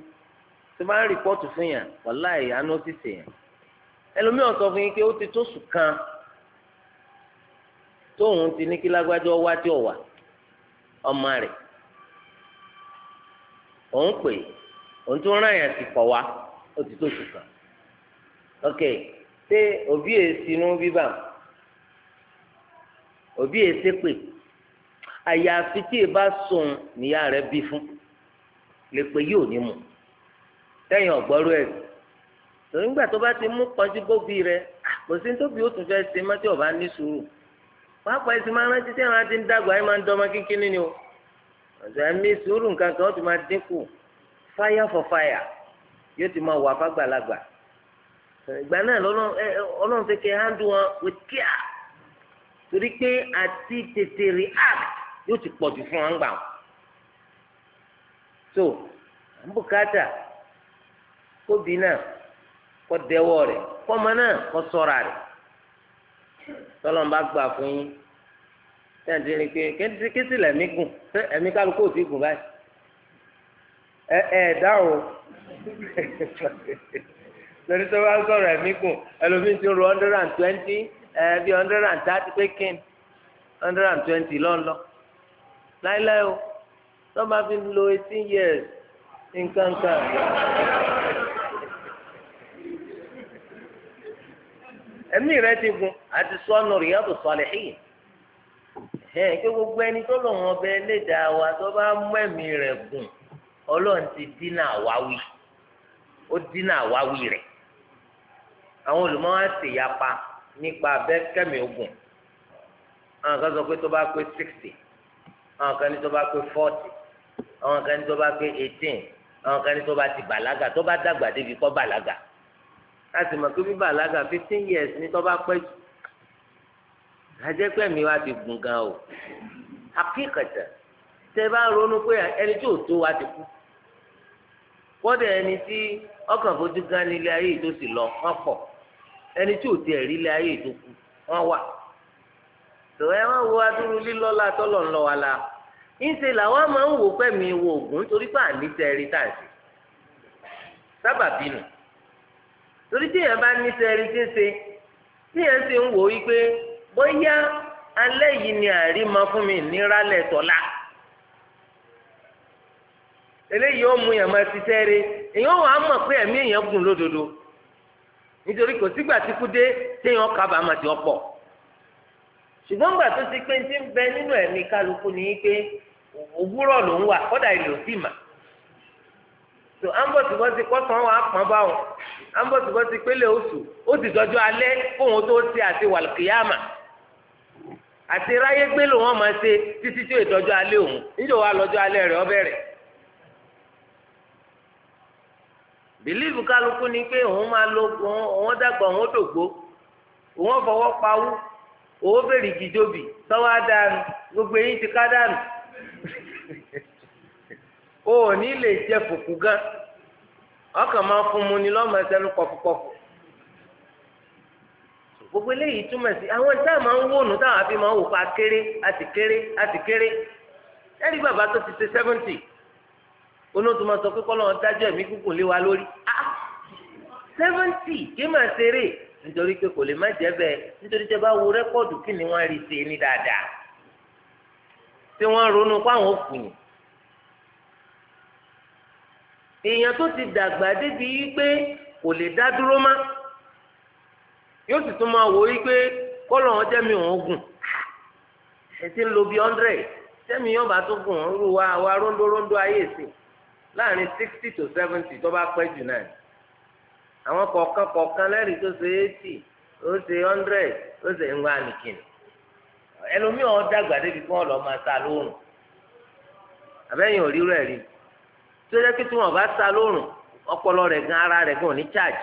tó máa ń rìpọ́ọ̀tù fún yàn wàláì àánú ti sèyàn ẹlòmíràn sọ fún yín pé ó ti tó sùn kan tóun ti ní kí lágbájọ́ wá tí ò wà ọmọ rẹ̀ òun pè òun tó rán yẹn ti kọ̀ ó ti tó ok ṣé òbí èsì inú bíbà òbí èsì pè àyàfi tí ì bá sùn níyà rẹ bí fún lè pé yóò ní mu tẹ̀yìn ọ̀gbọ́rú ẹ̀ nígbà tó bá ti mú pọ́njú bóbi rẹ kò sí nítorí ó tún fẹ́ ṣe mọ́tí ọ̀bá ní sùúrù pápá ẹ̀sìn máa rántí tí àwọn àti ń dàgbà ẹ̀ máa ń o. ọ̀sẹ̀ ní sùúrù nǹkan kan ó ti máa fire for fire yóò ti máa wà fágbàlagbà ìgbà náà ọlọ́run fẹ́ kẹ́ handle wọn with care torí pé àti tètè react yóò ti pọ̀jù fún wọn gbà so àbùkátà kóbi náà kọ́ dẹ́wọ́ rẹ̀ kọ́mọ náà kọ́ sọ́ra rẹ̀ fún tẹ̀sí ni pé kéńtìkéńtì lẹ̀mí gùn ṣé ẹ̀mí kálukú ò ti gùn báyìí ẹ ẹ dáhùn lórí tó bá ń sọ̀rọ̀ ẹ̀mí gùn ẹlòmíín ti ń ro hundred and twenty ẹ hundred and thirty pé kín hundred and twenty lọ́nlọ́ láíláí o tó bá fi lo eighteen years nǹkan kan. ẹ̀mí rẹ ti gùn àti sọ́nù Riyadu ẹ pé gbogbo ẹni tó lọ wọn bẹ léda wa tó bá mú ẹ̀mí rẹ̀ gùn Ọlọ́run ti dínà àwáwí ó dínà àwáwí rẹ̀ àwọn olùmọ̀ wa yapa nípa abẹ kẹmí ogun àwọn kan sọ pé tó bá pé sixty àwọn kan ní tó bá pé forty àwọn kan ní tó bá pé eighteen àwọn kan ní tó bá ti bàlágà tó bá dàgbà débi kọ́ bàlágà láti mọ̀ pé bí bàlágà fifteen years ní tó bá pẹ́ jù àjẹpẹ́ mi wá ti gùn gan o àkíkàtà tẹ bá ronú pé ẹni tí ò tó wa ti kú kọ́dà ẹni tí ọkàn fojú gan nílé ayé yìí tó sì lọ wọ́n pọ̀ ẹni tí ò tiẹ̀ rí ilé ayé yìí tó kú wọ́n wà tò ẹ wọ́n wo adúrú lílọ́lá tọ́lọ̀ ńlọ wa la ńṣe làwọn máa ń wò pẹ́mi wo oògùn torí pé àní tẹ ẹrí tá à ń ṣe sábà bínú torí tí èèyàn bá ní tẹ ẹrí tí ṣe tí èèyàn ṣe ń wò ó yí pé bóyá alẹ́ yìí ni àrímọ fún mi níralẹ̀ tọ́lá eléyìí ó mú yàn máa ti sẹ́ẹ̀rẹ́ èyàn wà á mọ̀ pé ẹ̀mí èyàn gùn lódodo nítorí kò sígbà tí kú dé téèyàn kábàámọ̀ tí ti pọ̀ ṣùgbọ́n gbà tó ti pé ti ń nínú ẹ̀mí kálukú ni pé òwúrọ̀ ló ń wà kọ́dà ilé ò sì mà tó bá wọn pélé oṣù ó alẹ́ kóhun tó ṣe àti ráyé gbé wọn ọmọ ṣe títí tí ìtọ́jú alẹ́ òun níjọ wa lọ́jọ́ alẹ́ rẹ̀ ọbẹ̀ rẹ̀. bìlíìfù kálukú ni pé òun máa lo òun dàgbà òun dògbò òun fọwọ́ pawú òun bèrè ìjìjọbì sọ́wọ́ àdánù gbogbo eyín ti ká dànù. o ò ní lè jẹ fùkú gan ọkàn máa fún mu ni lọ́mọ ẹsẹ̀ ní kọfukọfu gbogbo eléyìí túmọ̀ sí àwọn tá a máa ń wònú táwọn àfi máa ń wò pa kéré àti kéré àti kéré ẹ̀rí bàbá tó ti ṣe seventy onótùú máa sọ pé kọ́ lọ́wọ́ dájọ́ ẹ̀mí gígùn lé wa lórí ah seventy kí máa ṣeré nítorí pé kò lè má jẹ́ bẹ́ẹ̀ nítorí tẹ́ bá wo rẹ́kọ́ọ̀dù kí ni wọ́n rí ṣe ní dáadáa tí wọ́n ronú fáwọn òkùn èèyàn tó ti dàgbà débi wípé kò lè dá dúró mọ́ yóò sì tún máa wò ó pé kọ́lọ̀ wọn jẹ́mi òun gùn ètí ń lo bíi hundred jẹ́mi yóò bá tún gùn ń ru wa wa róńdóróńdó ayé sí láàrin sixty to seventy tó bá pẹ́ jù náà àwọn kọ̀ọ̀kan kọ̀ọ̀kan lẹ́rìí tó ṣe eighty ó ṣe hundred ó ṣe ń wá nìkìnnì ẹlòmíì ọ̀ dàgbà débi kí wọ́n lọ máa ta lóòrùn àbẹ́yìn ò rí rẹ̀ rí tó yẹ kí tí wọ́n bá ta lóòrùn ọpọlọ rẹ̀ gan ara rẹ̀ gan ní charge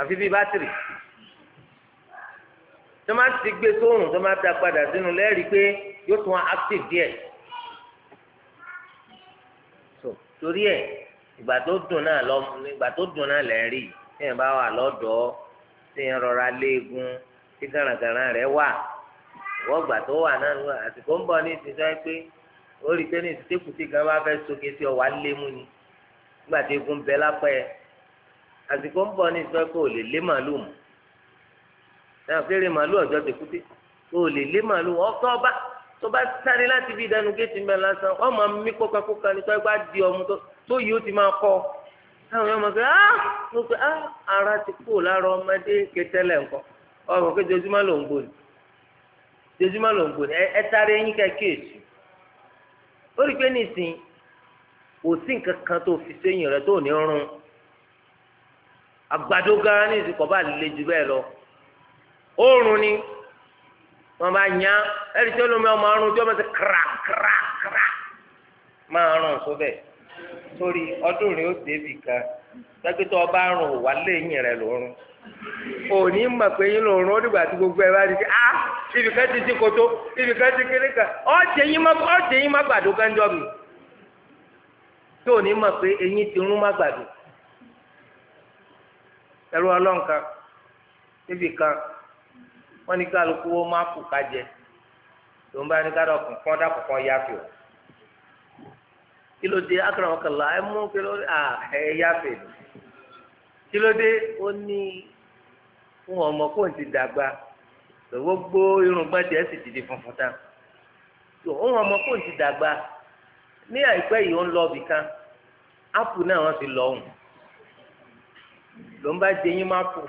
àfi bíi bátìrì tó máa ti gbé sóòrùn tó máa da padà sínú lẹ́rìí pé yóò tún active díẹ̀ so torí ẹ̀ ìgbà tó dùn náà lọ ìgbà tó dùn náà lẹ́rìí tí yẹn bá wà lọ́dọ̀ọ́ tí yẹn rọra léegun tí garagara rẹ̀ wà wọ́n gbà tó wà náà lọ àsìkò ń bọ̀ ní ìsinsá pé ó rí pé ní ìsìnkú tí gan bá fẹ́ soke sí ọ̀wá lé ni nígbà tí lápẹ́ àsìkò ń bọ̀ ní ìsinsá pé ò lè lé màlúù mọ́. náà fẹ́rẹ̀ màálù ọ̀jọ́ tẹ̀kútẹ́ o lè lé màálù ọkọ ọba tó bá sáré láti bí ìdánù géètì ma lásán wọ́n máa mí kókakóka di ọmú tó yìí ti máa kọ táwọn yóò máa ah mo ah ara ti kú lára ọmọdé kẹtẹ́lẹ̀ nǹkan ọmọ pé jojúmọ́ ló ń gbòòrò ló ń ẹ ó rí pé nìsín kò sí nǹkan kan tó fi rẹ tó ní rún oorun ni wọn bá yàn ẹni tí olómi ọmọ ọrùn tí wọn ti kra kra kra máa rùn sóbẹ sórí ọdún rẹ ó débì kan dókítà ọba rùn wà lẹ́yìn rẹ lọrùn òní mọ̀ pé yín lòrùn ó dìgbà tí gbogbo ẹ bá di ah ibi ti ti koto ibi ti kéré kan ọ̀jẹ̀ yín má ọ̀jẹ̀ yín má gbàdo mi tí òní pé eyín wọ́n ní kálukú wọ́n máa kù kájẹ tó ń bá ní kádọ̀ kọ̀ọ̀kan dà kọ̀ọ̀kan yáfi o kí ló dé akọ̀rọ̀mọkànlá ẹ mú kí ló dé à ẹ yáfi ni kí ló dé ó ní fún ọmọ kó n ti dàgbà lọ́wọ́ gbó irun gbọ́dẹ̀ ẹ̀ sì dìde funfun tán tó ń ọmọ kó n ti dàgbà ní àìpẹ́ yìí ó ń lọ ibì kan ápù náà wọ́n ti lọ òun ló ń bá jẹyìn má pù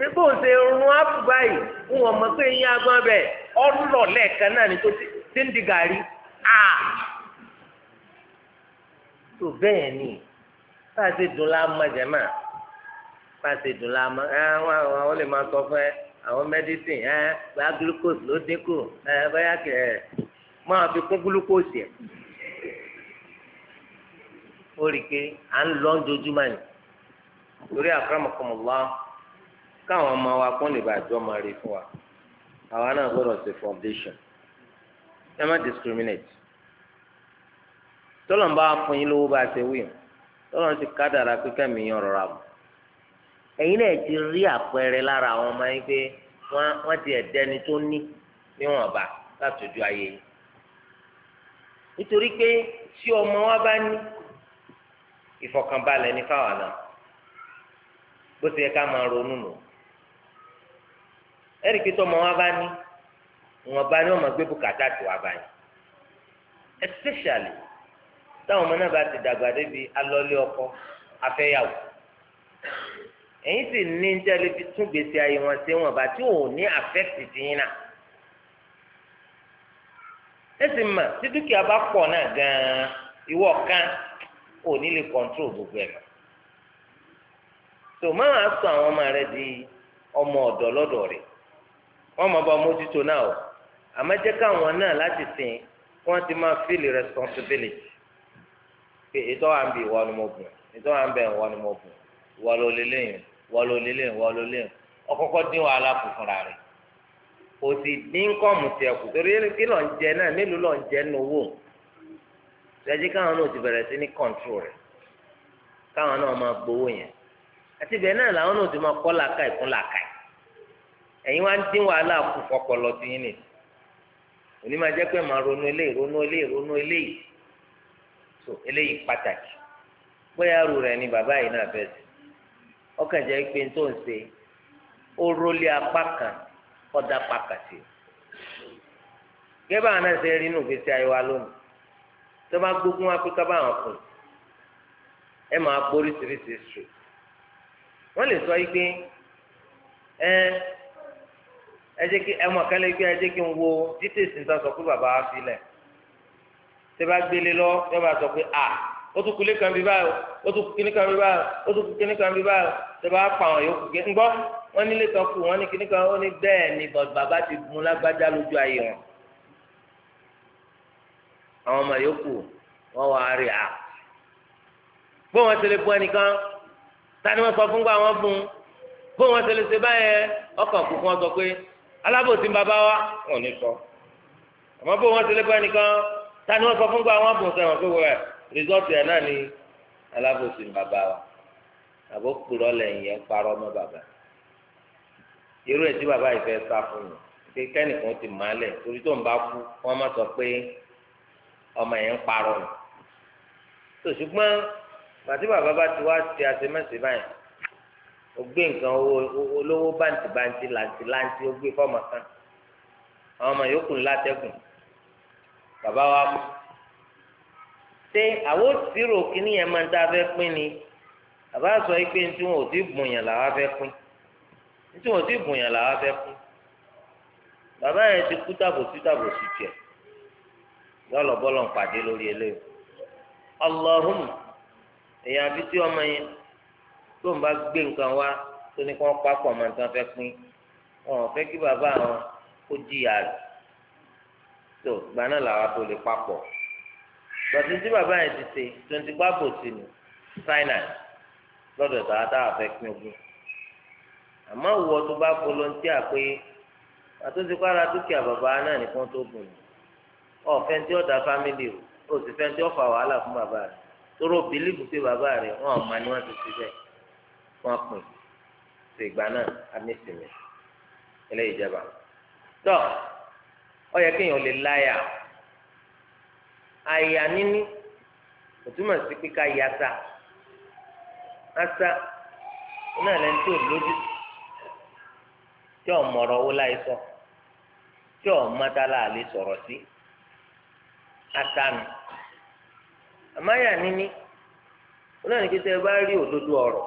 pé bó ń ṣe rún ápù báyìí ń wọ̀n mọ̀ pé yín agbọ́n bẹ̀ ọ́ lọ̀ lẹ́ẹ̀kan náà ni tó ti ń di gàrí à. tó bẹ́ẹ̀ ni bá a ṣe dùn láàmú jẹ́mà bá a ṣe dùn láàmú ẹ wọn àwọn lè máa sọ fún ẹ àwọn mẹdísìn ẹ bá glucose ló dínkù ẹ báyà kẹ ẹ máa fi kún glucose yẹn ó rí i pé à ń lọ ń dojúmọ́ ni torí àkàrà mọ̀kànmọ́ káwọn ọmọ wa kún lè bàjọ́ ọmọ rè fún wa àwa náà gbọ́dọ̀ ṣe foundation ẹ má discriminate tọ́lọ̀ ń bá fún yín lówó bá a ṣe wíyàn tọ́lọ̀ ń ti kádàrà pé kẹ́mi yan rọra bù ẹ̀yin náà ti rí àpẹẹrẹ lára àwọn ọmọ yín pé wọ́n ti ẹ̀dẹ́ni tó ní níwọ̀nba láti ojú ayé yìí nítorí pé tí ọmọ wa bá ní ìfọ̀kànbalẹ̀ ní fáwọn náà bó ti yẹ ká máa ronú nù. No erikito pé tọmọ wa bá ní wọn bá ní wọn máa gbé bùkátà tó wa bá yìí especially táwọn ọmọ ọkọ afẹ́yàwó ẹ̀yin sì ní tẹ́lifí tún gbèsè ayé wọn wọn bá tí ò ní àfẹ́tì náà ẹ sì mà tí dúkìá bá pọ̀ náà gan-an ìwọ kan ò ní lè kọ́ńtró gbogbo ẹ̀ tòmáwá wọ́n máa bá mójútó náà o àmọ́ ka káwọn náà láti sìn wọ́n ti máa feel responsibility pé ètò à ń bì wọ́n ni mo bùn ètò à ń bẹ̀ wọ́n ni mo bùn wọ́n ló lé lẹ́yìn wọ́n ló lé lẹ́yìn wọ́n ló lé dín wàhálà kù fúnra kò sì kọ́ọ̀mù kù torí kí lọ́n jẹ náà mélòó lọ́n jẹ owó káwọn náà ti bẹ̀rẹ̀ sí ní control káwọn náà máa ẹ̀yin wá ń dín wàhálà kù fọpọlọ sí yín ni òní máa pé màá ronú eléyìí ronú eléyìí ronú eléyìí so eléyìí pàtàkì bóyá arú rẹ̀ ni bàbá yìí náà sí ọkàn pé tó ń ṣe ó rólé apá kan àwọn náà ṣe rí ayé wa lónìí tó bá gbógun wá pé ká bá kùn ẹ máa sùn wọ́n lè sọ yìí ẹ jẹ́ kí ẹmọ kan lè gbé ẹ jẹ́ kí n wo dítèsí níta sọ pé bàbá wa filẹ̀ tẹ bá gbélé lọ yọ bá sọ pé a ó tún kulé kan bí báyìí ó tún kíní kan bí báyìí ó tún kíní kan bí báyìí tẹ bá pa àwọn yòókù gé ńgbọ́ wọ́n nílé kan kù wọ́n ní kíní kan ó ní bẹ́ẹ̀ ni bàbá ti mú lágbájá lójú ayé wọn àwọn ọmọ yòókù wọ́n wà á rí a bó wọn ti lè bu ẹnìkan tani wọn sọ fún gbà wọn bùn bó wọn ti lè ṣe báyẹn ọkọ̀ kù fún sọ pé alábòsí bàbá wa wọn ò ní sọ àmọ́ bó wọn ti lé pẹ́ nìkan ta ni wọ́n sọ fún gba wọn bùn sẹ́wọ̀n pé wọ́n rìsọ́ọ̀tì ẹ̀ náà ni alábòsí bàbá wa àbó kúrọ̀ lẹ́yìn yẹn parọ́ mọ́ bàbá irú ẹ̀ tí bàbá yìí fẹ́ sá fún mi pé kẹ́nìkan ti máa lẹ̀ torí tó ń bá kú wọ́n má sọ pé ọmọ yẹn ń parọ́ ni tòṣùgbọ́n bàtí bàbá bá ti wá ṣe àṣemẹ́sẹ̀ báyìí ó nkan nǹkan owó olówó báǹtì báǹtì làǹtì ó gbé kan àwọn ọmọ yòókù ńlá bàbá wa kú ṣé àwọn òṣìṣirò ni bàbá sọ pé ní tí wọn ò ti bùn yàn làwa fẹ́ pín ní wọn ò ti bùn yàn làwa fẹ́ pín bàbá yẹn ti kú tàbòsí tàbòsí ń pàdé ọmọ yẹn tó ń bá gbé nǹkan wá tó ní kí wọ́n pa pọ̀ mọ́ nǹkan fẹ́ pín wọn ò fẹ́ kí bàbá àwọn kó jìyà rẹ̀ tó gba náà làwọn tó lè papọ̀ gbọ̀dọ̀ tí bàbá yẹn ti ṣe tó ń ti pa bò sí ni sinai lọ́dọ̀ tàwa táwa fẹ́ pín ogún àmọ́ ìwọ tó bá volunteer àpé àtúntí kwara dúkìá bàbá náà nìkan tó gùn ní ọ̀fẹ́ tí ọ̀dà fámìlì o òsì fẹ́ tí ọ̀fà wàhálà fún bàbá rẹ̀ tó rò bílíìfù pé bàbá rẹ̀ wọn ò mọ ni wọ́n ti ṣe wọn pè ṣe ìgbà náà amísìmì eléyìí jẹba tọ ọ yẹ kéèyàn lè láyà àyà níní kò túmọ̀ sí pé ká asa náà lẹni tó lójú tí ò mọ̀rọ̀ owó láì sọ tí ò mọ́tálà lè sọ̀rọ̀ sí atanu nù àmáyà níní ó náà ní kí tẹ́ ẹ bá rí òdodo ọ̀rọ̀.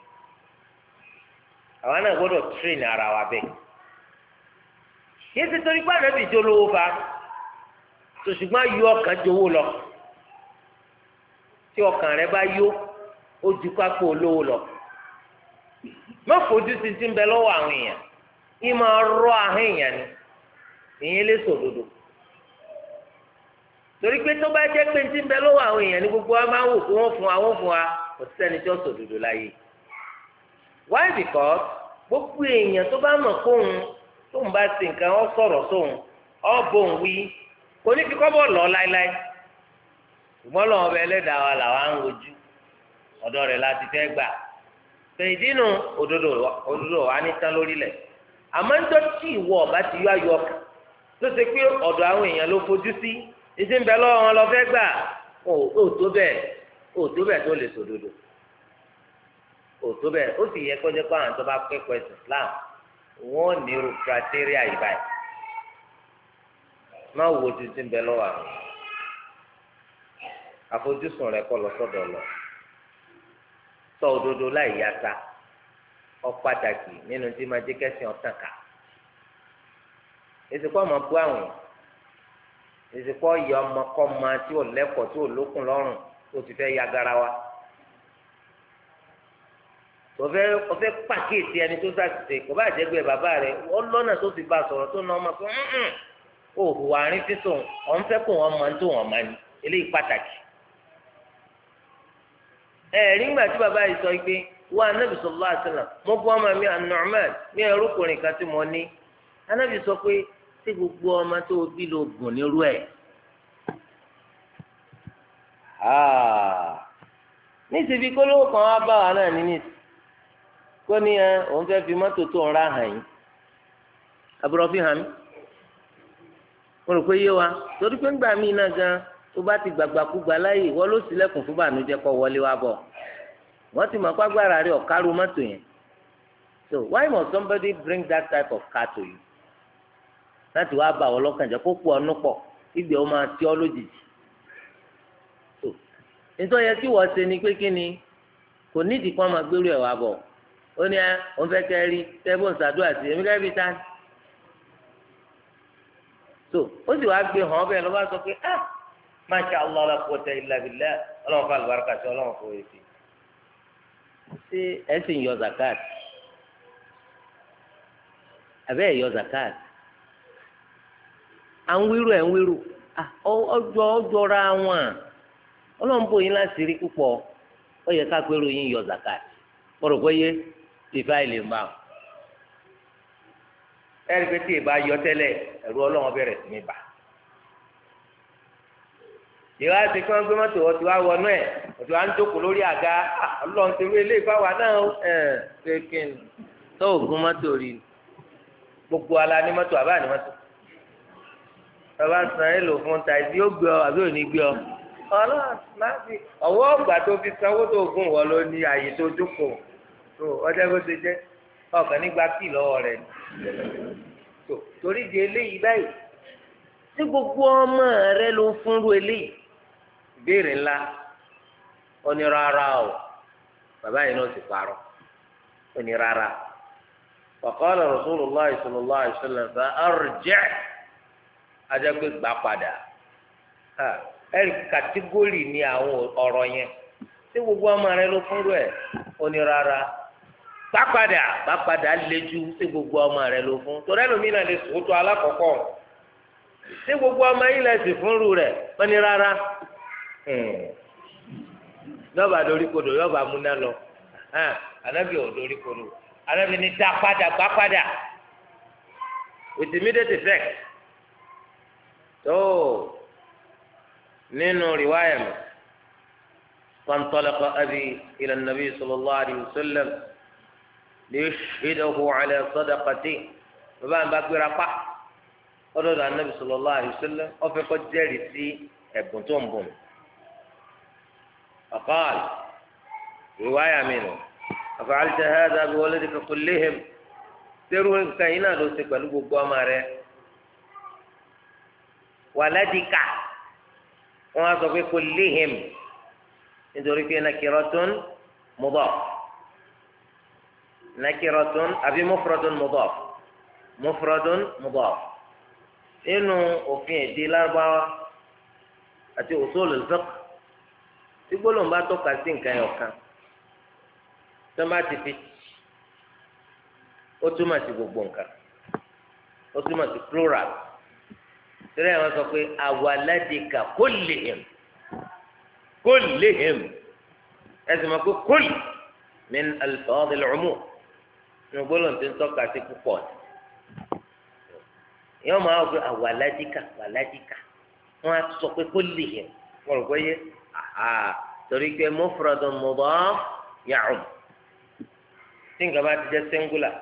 àwa náà gbọdọ tírèèni ara wa bẹ́ẹ̀ yé ti torí pé ànábì jó lówó fa tòṣùgbọ́n yọ ọkàn lọ tí ọkàn rẹ bá yó ó ju olowo lọ má fojú títí ń bẹ lọ́wọ́ àwọn èèyàn yìí máa rọ ahọ́n èèyàn ni ìyẹn lè torí pé tó bá jẹ́ pé ń bẹ ni gbogbo wa máa wò wọ́n fún wa wọ́n fún wa kò tí wọ́n why because gbogbo èèyàn tó bá mọ̀ kóun tóun bá ṣe nǹkan ọ sọ̀rọ̀ sóun ọ bóun wí kò ní fi kọ́bọ̀ lọ láéláé ṣùgbọ́n lọ́wọ́ bẹ ẹlẹ́dàá wa làwa ń wojú ọ̀dọ́ rẹ̀ láti fẹ́ gbà fèdínú òdodo òdodo wa ní tán lórílẹ̀ àmọ́ ń dọ́tí ìwọ ọ̀bá ti yọ ayọ̀ ọkàn tó ṣe pé ọ̀dọ̀ àwọn èèyàn ló fojú sí ìṣe ń bẹ lọ́wọ́ wọn lọ fẹ́ gbà ó tó bẹ́ẹ̀ ó tó bẹ́ẹ̀ tó lè sòdodo. òtó bẹ́ẹ̀ ó sì yẹ kọjá pé àwọn tó bá Islam wọ́n ní irú kratéríà yìí báyìí má wo tuntun bẹ lọ́wọ́ àwọn àfojúsùn rẹ kọ́ lọ sọ́dọ̀ lọ sọ òdodo láì ọ pàtàkì nínú tí máa jẹ́ kẹ́sìn ọ̀tàn ká èsì ọmọ bú àwọn èsì kọ́ yọ ọmọ kọ́ tí ò lẹ́kọ̀ọ́ ya garawa. ọfẹ ọfẹ pàkíyèsí ẹni tó sàṣìṣe kò bá jẹgbẹ bàbá rẹ ọlọ́nà tó ti bá a sọ̀rọ̀ tó ná ọmọ fún un òhù àárín títún ọ̀n fẹ́ kó wọn mọ tó wọn mọ ni eléyìí pàtàkì. ẹ̀rí ńgbà tí bàbá yìí sọ pé wọ́n anábì sọ̀rọ̀ àṣìlá mo bọ́ ọmọ mi anọ́ọ̀mán ní ẹrúkùnrin kan tí mo ní anábì sọ pé tí gbogbo ọmọ tó o bí lo gùn nírú ẹ̀ níṣẹ́ kólówó kan wá bá wa náà ní níṣẹ́ kó ẹ òun fẹ́ fi mọ́tò tó ń hàn yín àbúrò fi hàn mí mo rò pé yé wa torí pé ńgbà míì náà gan tó bá ti gbàgbàkúgbà láàyè wọ́n ló ṣílẹ̀kùn fún bànújẹ́ kọ́ wọlé wa bọ̀ wọ́n ti mọ̀ pé agbára rẹ̀ ọ̀kárò mọ́tò yẹn so why must somebody bring that type of car to you láti wá bá ọlọ́kàn jẹ́ kó pọ̀ ọ́nú pọ̀ ìgbẹ́ ó máa tí ọ́ lójijì so nítorí yẹ kí wọ́n ṣe ni pé kí ni kò nídìí kó máa gbérù ẹ̀ wá bọ̀ ó ní ẹ òun fẹ́ kẹ́ ẹ ṣàdúrà sí ẹ fi ta so ó sì wáá gbé hàn bẹ́ẹ̀ ló sọ pé ah masha allah ala quwwata illa billah ọlọ́run fún àlùbáríkà sí ọlọ́run fún èsì. ṣé ẹ sì ń yọ zakat yọ zakat à ń wíru ń wíru tí ìbá ilé máa ẹ̀rí pé tí ìbá yọ tẹ́lẹ̀ ẹ̀rú ọlọ́run bẹ̀rẹ̀ sí ní bà ìwà ti kí wọ́n gbé mọ́tò ọtí wa wọnú ẹ̀ ọtí wa ń jókòó lórí àga ah, ọlọ́run ti rú ilé ìfáwà náà ẹ̀ ṣe kí ni tó ògùn mọ́tò rí gbogbo ala ní mọ́tò àbá ní mọ́tò bàbá san ẹ lò fún ta ìdí ó ọ àbí òní gbé ọ ọlọ́run máa fi ọwọ́ ọgbà tó fi sanwó tó ògùn wọ tó ọjọ́ bó ṣe jẹ́ ọkàn nígbà tí lọ́wọ́ rẹ̀ ni torí di eléyìí báyìí gbogbo ọmọ rẹ ló ń fúnru eléyìí ńlá onírara o bàbá yìí náà ti parọ́ onírara wàkọ́lá gbà padà kàtígórì ni àwọn ọ̀rọ̀ yẹn gbogbo ọmọ rẹ ló bápadà bápadà léjú sí gbogbo ọmọ rẹ ló fún torí ẹlòmíràn lè sòótọ́ alákọ̀ọ́kọ́ sí gbogbo ọmọ yìí lè sì fúnrú rẹ wọ́n ní rárá hmm. yọba lórí kodò yọba múná lọ anabi ò lórí kodò anabi ní dá padà with immediate effect tó nínú riwaya mi kọ́ńtọ́lẹ́kọ́ abi ila nabi sallallahu alayhi wa sallam liyashhidahu ala sadaqati bàbá mi bá gbéra pa ọdọọdọ anabi sallallahu alaihi wasallam ọfẹ kọ jẹ́rìí sí ẹbùn tó ń bùn ọkọọl riwaya mi nù af'alta hadha biwaladika kullihim tẹrù nǹkan yìí náà ló ṣe pẹ̀lú gbogbo ọmọ rẹ waladika wọn á sọ pé kullihim nítorí pé nàkìrọtún mudaf nakiratun àbí mufradun mudaf mufradun mudaf nínú òfin èdè lárúbáwá àti usulul fiqh tí gbólóhùn bá tọ́ka sí nǹkan ẹ̀ ọ̀kan tó bá ti fi ó túmọ̀ sí gbogbo nǹkan ó túmọ̀ sí plural torí àwọn sọ pé awaladika kullihim kullihim ẹ̀sìn mọ̀ pé kull min alfadhil umum inú gbólóhùn tó ń tọ́ka sí púpọ̀ ni ìyá ọmọ àwọn ọgbẹ́ àwàlájíkà wàlájíkà wọn á sọ pé kó lè yẹ wọn rò pé yẹ torí pé mufradun mudaf ya'um tí nǹkan bá ti jẹ́ singular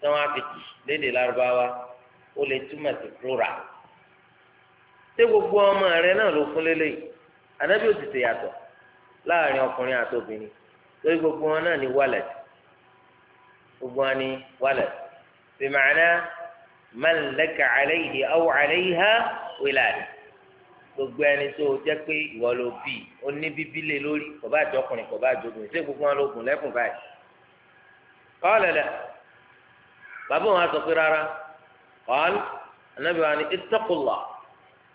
tí wọ́n á fi tì léde lárúbáwá ó lè túmọ̀ sí plural ṣé gbogbo ọmọ rẹ náà ló fún lélẹ́yìí ànábì ó ti ṣèyàtọ̀ láàrin ọkùnrin àti obìnrin lórí gbogbo wọn náà ní wàlẹ̀tì. ugbani wọn ni walad man laka alayhi aw gbogbo ẹni tó o jẹ pé ìwọ ló bí o ní bíbí lé lórí kò bá jọkùnrin kò bá jọkùnrin ṣé gbogbo wọn ló gùn lẹ́kùn báyìí. bàbá wọn sọ pé rárá kọ́ọ̀lù wọn ni ittaqullah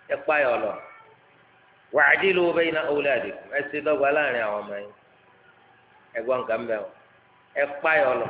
ẹ páyà ọ̀lọ́ wa'dilu bayna awladikum ẹ ṣe dọ́gba láàrin àwọn ọmọ yẹn ẹ bẹ́ẹ̀ ẹ ọ̀lọ́.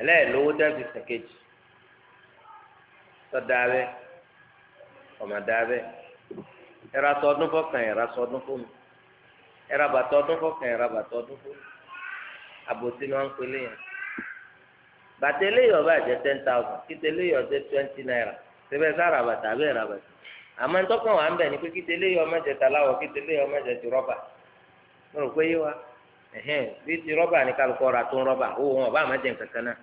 ẹlẹ́ẹ̀lówó dẹ́bi sẹ̀kejì tọ́da abẹ́ ọ̀mọ̀dá abẹ́ ẹ̀rọ aṣọ ọdún fọkàn ẹ̀rọ aṣọ ọdún fún ẹ̀rọ àbàtọ̀ ọdún fọkàn ẹ̀rọ àbàtọ̀ ọdún fún àbòsí ni wọ́n ń pelé yẹn bàtà eléyìí ọba jẹ ten thousand kíta eléyìí ọjẹ twenty naira síbẹ̀ sára bàtà abẹ́ ra bàtà àmọ́ ntọ́kàn wà ń bẹ̀ ni pé kíta eléyìí ọmọ bí ti rọ́bà ní kálukọ́ ra tó ń rọ́bà owó wọn ọba àmọ́jẹ nǹkan kan náà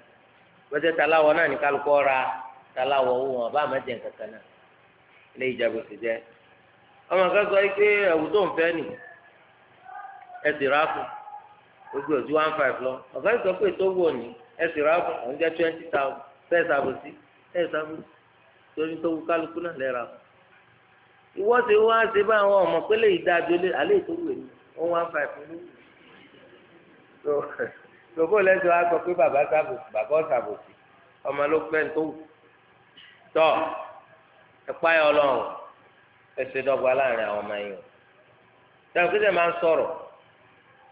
bọ́jẹ́ taláwọ̀ náà ní kálukọ́ ra taláwọ̀ owó wọn ọba àmọ́jẹ nǹkan kan náà ilé ìjàgbọ́ ti jẹ́ ọmọ kan sọ pé ẹ̀wù tó ń fẹ́ nì ẹ sì gbogbo one five lọ ọ̀gá ìsọ pé tó wù ní ẹ sì rà jẹ́ twenty thousand fẹ́ẹ́ sàbòsí fẹ́ẹ́ sàbòsí torí tó wù kálukú náà lẹ́ra one five tó tó bó lẹ́sọ̀ á sọ pé bàbá sàbòsì bàbá sàbòsì ọmọ ló pẹ́ tó wù tọ́ ẹ̀pá yọ lọ́wọ́ ẹ̀sẹ̀ dọ́gba láàrin àwọn ọmọ yìí o dáhùn kíkẹ́ máa ń sọ̀rọ̀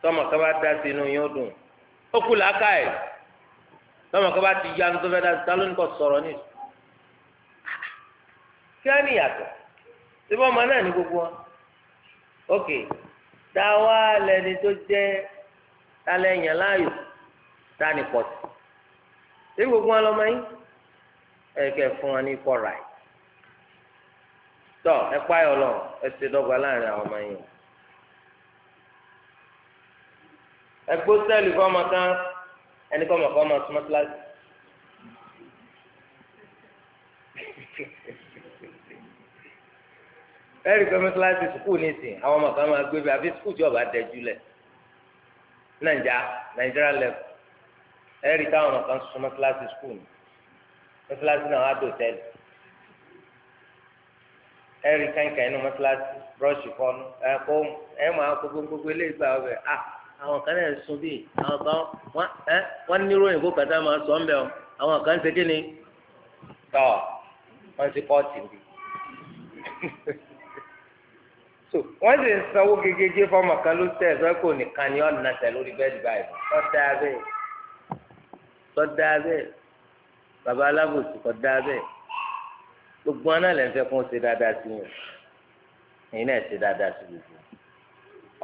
tọmọ kan bá dá sí inú yín ó dùn ó kú làákà ẹ̀ tọmọ kan bá ti yá ní tó fẹ́ dá sí tálóní kò sọ̀rọ̀ ní kí á níyàtọ̀ síbí ọmọ náà ní gbogbo wọn ok táwa lẹni tó jẹ́ tálẹ̀ yàn láàyò tani pọ̀ sí ṣé gbogbo wọn lọ́mọ yín ẹ̀kẹ́ fún wọn ní kọ́ ra ẹ̀ tọ́ ẹ páyọ̀ lọ ẹ ti dọ́gba láàrin àwọn ọmọ yín o ẹ gbó sẹ́ẹ̀lì fọ́ọ̀mù kan ẹni kọ́ mọ̀ kọ́ mọ̀ súnmọ́ kíláàsì. ẹ̀rí kọ́ mọ̀ kíláàsì sùkúù nìsín àwọn ọmọ kan máa gbé bí àfi sùkúù tí ọba dẹjú lẹ̀ nàìjà nàìjíríà level ẹ̀rí táwọn ọmọ kan sọ mọ́sálásí skul ni mọ́sálásí náà wá dò tẹ́lẹ̀ ẹ̀rí kẹ́ńkẹ́ inú mọ́sálásí búrọ́ọ̀ṣì fọ́nù ẹ̀kọ́ ẹ̀ máa kó gbogbo eléyìí gbà ọbẹ̀ à àwọn kan náà sun bíi àwọn kan wọ́n ẹ́ wọ́n ní ròyìn kó kàtà máa sọ ọ́nbẹ̀ ọ́ àwọn kan ṣe kí ni tọ́ wọ́n ti kọ́ọ̀tì bíi so wọ́n sì ń sanwó gegege fọmọ kan ló tẹ̀ sọ pé nìkan ni ọ̀nà tẹ̀ lórí bẹ́ẹ̀dì báyìí tọ́da bẹ́ẹ̀ tọ́da bẹ́ẹ̀ bàbá alábòsí kọ́da bẹ́ẹ̀ gbogbo wọn náà lè ń fẹ́ kún ṣe dáadáa sí wọn èyí náà ṣe dáadáa sí gbogbo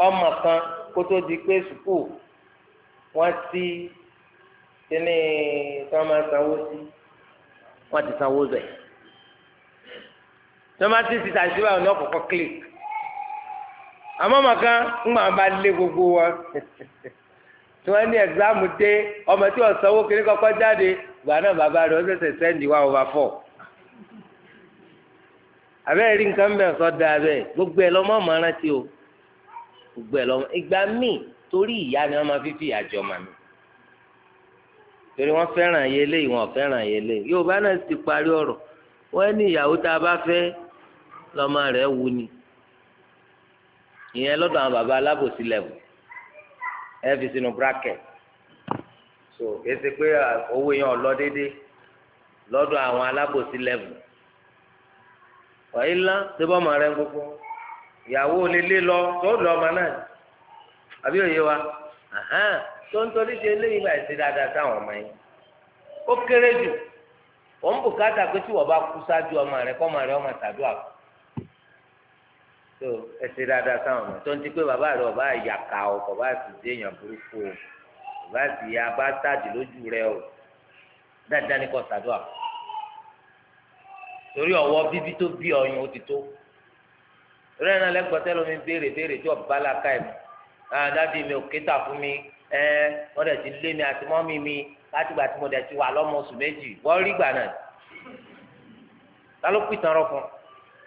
ọmọ kan kó tó di pé sùkúù wọ́n ti kíní tí wọ́n máa sanwó sí wọ́n ti sanwó bẹ́ẹ̀ tí wọ́n ti ti tàṣíwájú ní ọ̀kọ̀ọ̀kan àmọ́ màkà ń máa bá lé gbogbo wọn tí wọ́n ní ẹ̀gzámù dé ọmọ tí wọ́n sanwó kiri kọ́kọ́ jáde gbà náà bàbá rẹ̀ ó ṣẹ̀ṣẹ̀ sẹ́ndì wá over four. àbẹ́rẹ́ rí nǹkan mẹ́rin sọ da abẹ́ gbogbo ẹ̀ lọ́mọ ọmọ rántí o gbogbo ẹ̀ lọ́mọ ìgbà míì torí ìyá ni wọ́n máa fi fi àjọ mà mí. torí wọ́n fẹ́ràn ayé lé ìwọ̀n fẹ́ràn ayé lé Yorùbá náà ti parí ọ̀rọ̀ wọ́n ní ìyàwó ìyẹn lọ́dọ̀ àwọn baba alábòsí lẹwù ẹ fi sínú bracket so èsì pé owó yẹn ò lọ déédéé lọ́dọ̀ àwọn alábòsí lẹwù wàyí ńlá tó bá ọmọ rẹ gbogbo ìyàwó onílé lọ tó lọ ọmọ náà àbí òye wa tó ń torí ṣe eléyìí láì ṣe dáadáa sáwọn ọmọ yẹn ó kéré jù òun bùkátà pé tí wọ́n bá kú ṣáájú ọmọ rẹ kọ́ ọmọ rẹ ọmọ tàdúrà kù tó ẹsẹ dáadáa sáwọn ọmọ tó ń ti pé bàbá rẹ ọba àyàkà o bàbá sì dé èèyàn burúkú o bàbá sì yà bá tàdí lójú rẹ o dáadáa ní kò sàdúà torí ọwọ́ bíbí tó bí ọyún ó ti tó torí ẹ̀rọ lẹ́gbọ̀tẹ́ lómi béèrè béèrè tí ọba làkà ẹ̀ dáàdi mi ò kéta fún mi ẹ wọ́n dẹ̀ ti lé mi àti mọ́mí mi látìgbà tí mo dẹ̀ ti wà lọ́mọ oṣù méjì wọ́n rí gbà náà ta ló pìtàn rọ fún un.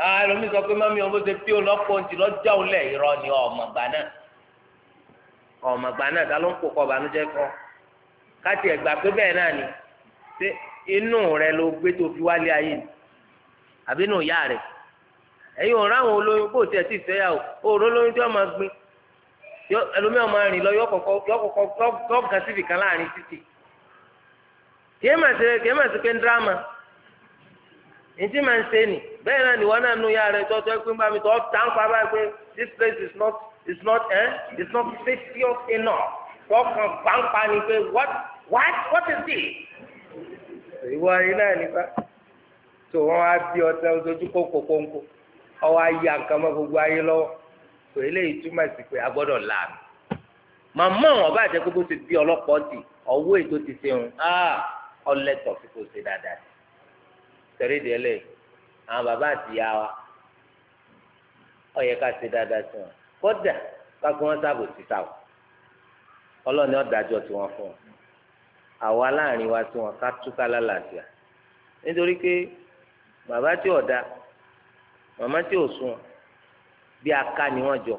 Ah, ẹlòmí sọ pé mami ọmọ ṣe pí ọlọ́pọ̀ ntì lọ́jọ́ òlẹ̀ irọ́ ni ọ̀mọ̀gbà náà ọ̀mọ̀gbà náà ta ń kó káti pé náà rẹ ló gbé tó fi wálé ayé rẹ ò olóyún tiẹ̀ ti fẹ́ yà o tí wọ́n máa gbin ẹlòmí ọmọ rìn lọ yọkọ̀kọ̀ síbi kan láàrin títì kìí pé ń dírámà tí màá ń ṣe bẹ́ẹ̀ náà nìwọ náà nu ya rẹ tọ́tọ́ pé bá mi tọ́ tá ń pa pé this place is not is not eh is not serious enough kọ́kàn pàǹpà ni pé what what what is this ìwọ ayé náà nípa tó wọn wá bí ọtẹ ojú kókó kónkó ọwọ́ ayé àǹkan mọ́ gbogbo ayé lọ́wọ́ tó eléyìí túmọ̀ sí pé a gbọ́dọ̀ lànà màmá wọn bá jẹ́ gbogbo ti bí ọlọ́pàá ti ọwọ́ ètò ti ṣe hàn ah, ọlẹ́tọ̀ fi kò ṣe dáadáa tẹ̀rí ìdílé yìí àwọn bàbá àti ìyá wa ó yẹ ká ṣe dáadáa sí wọn kódà kápẹ́ wọn sábò sí sáwọ ọlọ́ọ̀ni ọ̀dájọ́ tí wọ́n fún wọn àwa láàrin wa tí wọn ká túká lálàáfíà nítorí pé bàbá tí ò da màmá tí ò sùn bí aká ni wọ́n jọ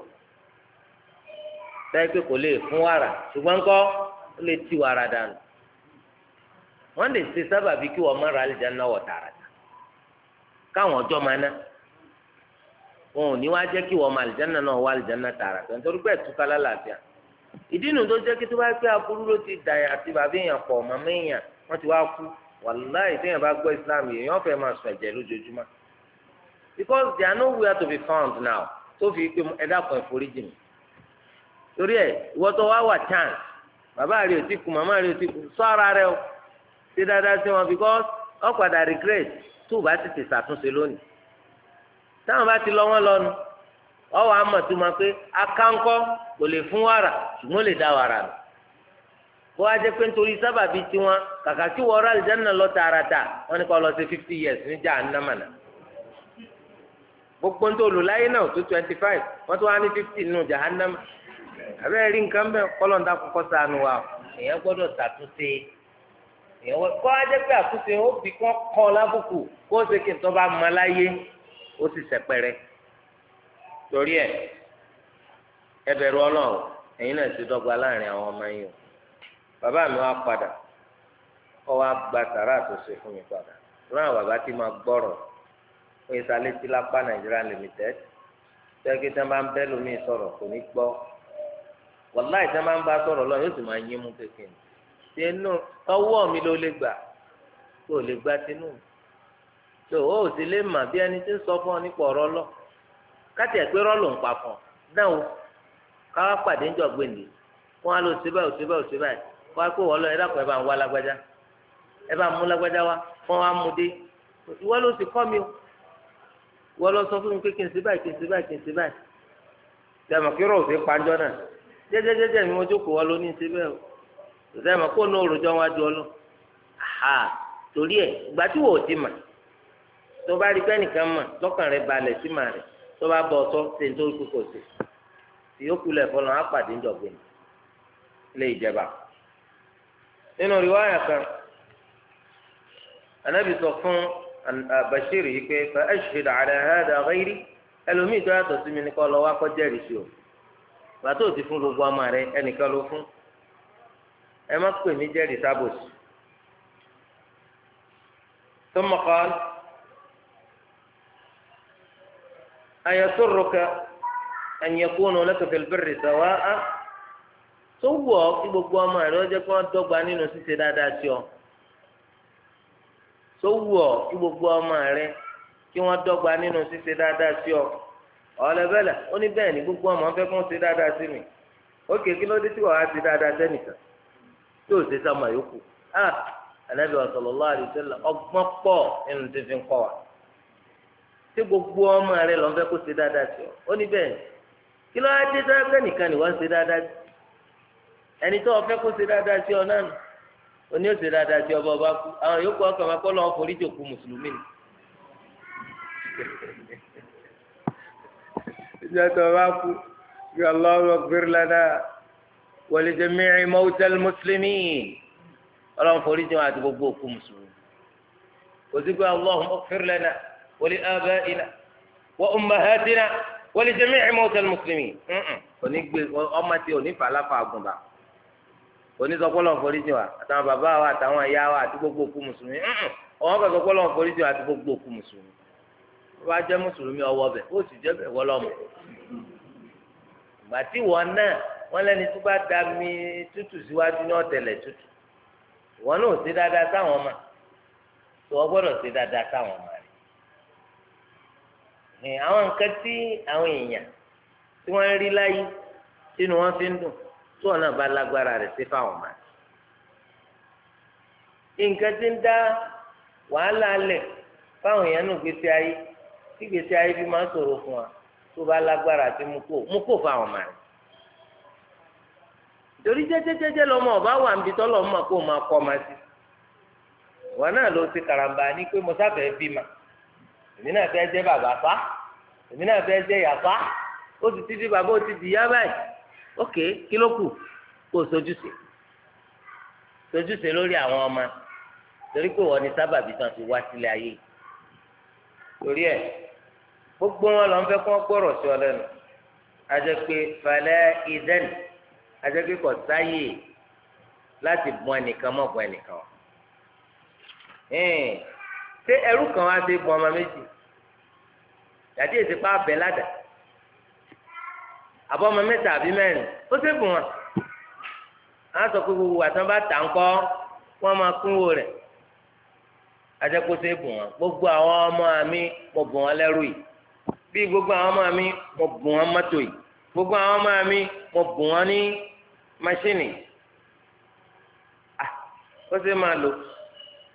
táyé pé kò lè fún wàrà ṣùgbọ́n ńkọ́ ó lè ti wàrà dànù wọ́n lè ṣe sábàbí kí wọ́n má àlìjáná wọ̀ tààrà káwọn ọjọ́ máa ná wọn ní wá jẹ́ kí wọ́n máa àlìjáná náà wá àlìjáná tààrà tó nítorí pé ẹ̀túká lálàáfíà ìdí nu tó jẹ́ kí tó ti dà yàn àti bàbá èèyàn pọ̀ màmá èèyàn wọ́n ti wá kú wàláì téèyàn bá gbọ́ Islam èèyàn fẹ́ máa sọ ẹ̀jẹ̀ lójoojúmọ́ because there are nowhere to be found now tó fi pé ẹ dákun ẹ̀ foríjì torí ẹ ìwọ tó wà chance bàbá rẹ ò tó o bá sì ti ṣàtúnṣe lónìí táwọn bá ti lọ wọn lọnu ọwọ àmọ́ tó máa pé akáńkọ kò lè fún wàrà ṣùgbọ́n lè dá wàrà nù kó wá jẹ́ pé nítorí sábàbí tiwọn kàkà tí wọ́n rà lìjánná lọ tààràtà wọ́n ní kó lọ sí fifty years ní jahannamana gbogbo ń tó lò láyé náà tó twenty five wọ́n tó wá ní fifty nínú jahannama abẹ́rẹ́ rí nǹkan bẹ́ẹ̀ kọ́lọ́ńdà kọ́kọ́ sànù wa èèyàn gbọ́dọ̀ ṣàtúnṣe èèyàn wọ kọ́ ajẹ́ pé àkúṣe ó fi kọ́ kọ́ lábùkù kó o ṣe kí n tọ́ bá mọ láyé ó sì sẹ̀pẹ̀rẹ̀ torí ẹ̀ ẹ bẹ̀rù ọlọ́run ẹ̀yin náà ti dọ́gba láàrin àwọn ọmọ yìí o bàbá mi wá padà ọ wá gba sàrà àtúnṣe fún mi padà lọ́nà bàbá tí máa gbọ́rọ̀ fún ìsàlẹ̀tì lápá nàìjíríà limited tẹ́kí tí bá ń bẹ́ lómi sọ̀rọ̀ kò ní gbọ́ wàláì tí bá ń bá sọ̀rọ̀ lọ́nà tinu, mi ló lè gbà o lè gba tinu o tó o sì lè mà bí ẹni tí ń sọ fún ọ nípa lọ káti ẹ̀pẹ́ rọ́ ló ń pa fún ọ o káwá pàdé ń jọ gbèǹdé wọn á lọ o báyìí o báyìí sí báyìí wọn ẹ dàpọ̀ ẹ bá ń wá lágbájá ẹ bá ń mú lágbájá wá mú dé ìwọ ló sì kọ́ mi o ìwọ sọ fún mi pé kí n sí báyìí kí n sí báyìí kí n sí báyìí dàmọ̀ kí rọ̀ òfin panjọ́ náà mi mo jókòó wọn ló ní o. tòtẹ́ mọ̀ kó ní òròjọ́ wọn adùn ọlọ́ ha torí ẹ̀ ìgbà tí wò ó ti mà tó bá rí pẹ́nìkan mà lọ́kàn rẹ̀ balẹ̀ sí mà rẹ̀ tó bá bọ̀ ọ̀tọ́ ṣe ń torí kókò sí i yókù lẹ̀ fọlọ́ á pàdé ń dọ̀gbìn lé ìjẹba nínú riwaya kan anabi sọ fún Bashir yìí pé fa ashhid ala hada ghairi ẹlòmíì tó yàtọ̀ sí mi ní kọ́ lọ́wọ́ akọ́jẹ́rìí sí o bàtò ti fún gbogbo ọmọ rẹ ẹnìkan ló fún ẹ má pè mí jẹ́rìí sábòsì. ثم قال أيسرك أن يكون لك في البر سواء tó wù ọ́ kí gbogbo ọmọ rẹ ó jẹ́ kí wọ́n dọ́gba nínú ṣíṣe dáadáa sí ọ tó wù ọ́ kí gbogbo ọmọ rẹ kí wọ́n dọ́gba nínú ṣíṣe dáadáa sí ọ ọ̀lẹ́bẹ̀lẹ̀ ó ní bẹ́ẹ̀ ni gbogbo ọmọ fẹ́ kí ṣe dáadáa sí mi ó kè kí ló dé tí wọ́n á ṣe dáadáa sẹ́nìkan tí ò ṣe sáma yòókù á ànábì sallallahu alaihi wasallam ọgbọ́n pọ̀ nínú tí fi ń kọ́ wa tí gbogbo ọmọ rẹ lọ́n fẹ́ kó ṣe dáadáa sí ọ ó ní bẹ́ẹ̀ kí ló á dé sáfẹ́ nìkan ni wọ́n ṣe dáadáa sí ẹni tó o fẹ́ kó ṣe dáadáa sí ọ náà nù ó ní ó ṣe dáadáa sí ọba ọba kú àwọn yòókù ọkàn máa kọ́ lọ́wọ́ forí jòkó mùsùlùmí ni. ìjọba kú bí ọlọ́run gbérí lánàá. ولجميع موتى المسلمين اللهم فرج ما تبقوكم مسلمين وزقوا اللهم اغفر لنا ولآبائنا وأمهاتنا ولجميع موتى المسلمين ọmọ tí ò ní fàlàfà àgùnbà onísọpọlọ foríjì wa àtàwọn bàbá wa àtàwọn ìyá wa àti gbogbo òkú mùsùlùmí wa àti gbogbo òkú mùsùlùmí wọn jẹ sì jẹ gbàtí wọn náà wọ́n lẹ́ni tó bá da mi tútù síwájú ní ọ̀tẹ̀lẹ̀ tútù ìwọ náà ò ṣe dáadáa sáwọn ọmọ tó o gbọ́dọ̀ ṣe dáadáa sáwọn ọmọ rẹ̀ ní àwọn nǹkan tí àwọn èèyàn tí wọ́n ń rí láyé tínú wọn fi ń dùn tó ọ̀nà bá lágbára rẹ̀ ṣe fáwọn ọmọ rẹ̀ nǹkan tí ń dá wàhálà alẹ̀ fáwọn èèyàn nù gbèsè ayé tí gbèsè ayé fi máa ń ṣòro fún wa tó bá lágbára àti mú kó mú kó fáwọn ọmọ rẹ̀ torí jẹjẹjẹjẹ lọmọ ọba wà níbi tọ́lọ̀ mọ̀ kó máa kọ́ ma sí wọn náà ló ti karamba ní pé mo sábẹ́ bí ma èmi náà fẹ́ jẹ́ bàbá fa èmi náà fẹ́ jẹ́ ìyá fa ó ti ti di bàbá ó ti di ìyá báyìí ok kí ló kù kó o sojúṣe sojúṣe lórí àwọn ọmọ torí pé wọn ni sábàbí tán ti wá sílé ayé torí ẹ gbogbo wọn lọ ń fẹ́ kó wọn gbọ́rọ̀ sí ọ lẹ́nu a jẹ pé falẹ́ ìdẹ́nu ajẹ́pẹ́ kọ̀ sáyè láti bọ́ ẹnìkan mọ́ bọ́ ẹnìkan ṣé ẹrú kan wá sí bọ́ ọmọ méjì dàdí èsì pa abẹ ládà àbọ̀ ọmọ mẹ́ta àbí mẹ́rin ó sì bù wọn á sọ pé gbogbo àtàn bá tà ń kọ́ wọ́n máa kúnwó rẹ̀ ajẹ́pẹ́ sí bù wọn gbogbo àwọn ọmọ mi mo bù wọn lẹ́rú yìí bí gbogbo àwọn ọmọ mi mo bù wọn mọ́tò yìí gbogbo àwọn ọmọ mi mo bù wọn ní mashini ah ó ṣe máa lò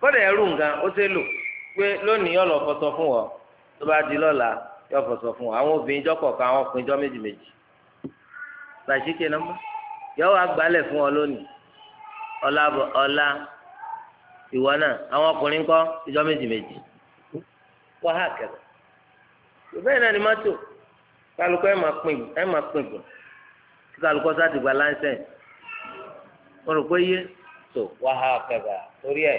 kódà ẹrù nǹkan ó ṣe lò pé lónìí yóò lọ fọṣọ fún ọ tó bá di lọ́la yóò fọṣọ fún ọ àwọn obìnrin jọ kọ̀ọ̀kan àwọn ọkùnrin jọ méjì méjì làṣìkè náà mọ́ yóò wá gbálẹ̀ fún ọ lónìí ọ̀la ọ̀la ìwọ náà àwọn ọkùnrin kọ́ ìjọ méjì méjì wọ́n hà kẹ̀kẹ́ bẹ́ẹ̀ náà ni mọ́tò kálukọ́ ẹ̀ máa pin gùn kí kálukọ́ sá ti gba láńsẹ̀nsì wọn rò pé yé tó wàhá kẹgà torí ẹ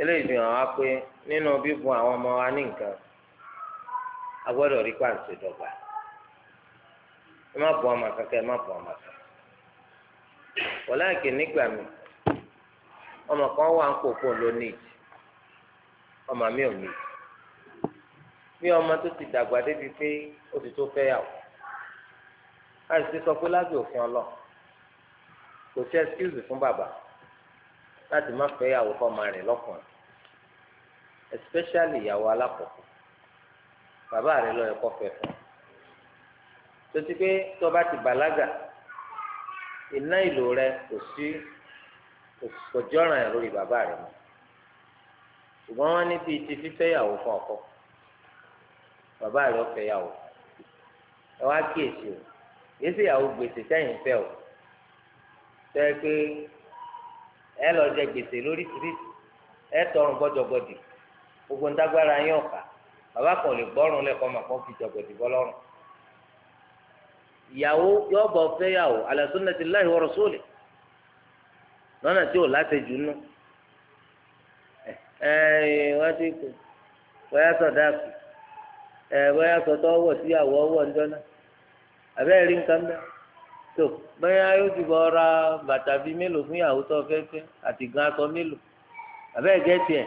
eléyìí fi hàn wá pé nínú ọmọ wa ní nǹkan a rí pàǹsì dọ́gba ẹ má bọ ọmọ kankan ẹ má bọ ọmọ kan wọlé àìkè nígbà mi ọmọ kan wà ń kókó lónìí ọmọ mi ò ní bí ọmọ tó ti dàgbà débi pé ó ti tó fẹ́ yàwó àìsí sọ pé lábẹ́ òfin ọlọ́ọ̀ kò sí ẹsikúùsì fún bàbá láti má fẹ́ ìyàwó fọmọ rẹ̀ lọ́kùnrin especially ìyàwó alákọ̀ọ́kọ́ bàbá rẹ̀ lọ́ọ́ ẹ̀kọ́ fẹ́ fún un tó ti pé tó bá ti bàlágà iná ìlò rẹ̀ kò sí kò jọ́ràn ẹ̀ lórí bàbá rẹ̀ mọ́ ṣùgbọ́n wọ́n ní bíi ti fífẹ́ ìyàwó fún ọkọ bàbá rẹ̀ ọ̀fẹ́ ìyàwó ẹ wá kíyèsí o èsì ìyàwó gbèsè sẹ́yìn fẹ́ o. tẹ́ ẹ lọ jẹ gbèsè lórí tìrìtì ẹ tọrùn gbọ́dọ̀gbọ́dì gbogbo ń yín bàbá kan lè gbọ́rùn lẹ́kọ̀ọ́ mà kàn fi jọ̀gbọ̀dì bọ́ ìyàwó yóò bọ̀ fẹ́yàwó ala sunnatillahi wa lọ́nà tí ò láti jù nù ti bóyá bóyá síyàwó náà àbẹ́rẹ́ rí nǹkan náà. tó bẹ́ẹ̀ yóò ti bọ̀ ra bàtà bíi mélòó fún ìyàwó tó fẹ́ fẹ́ àti gan aṣọ mélòó àbẹ́ ẹ̀gẹ́ tiẹ̀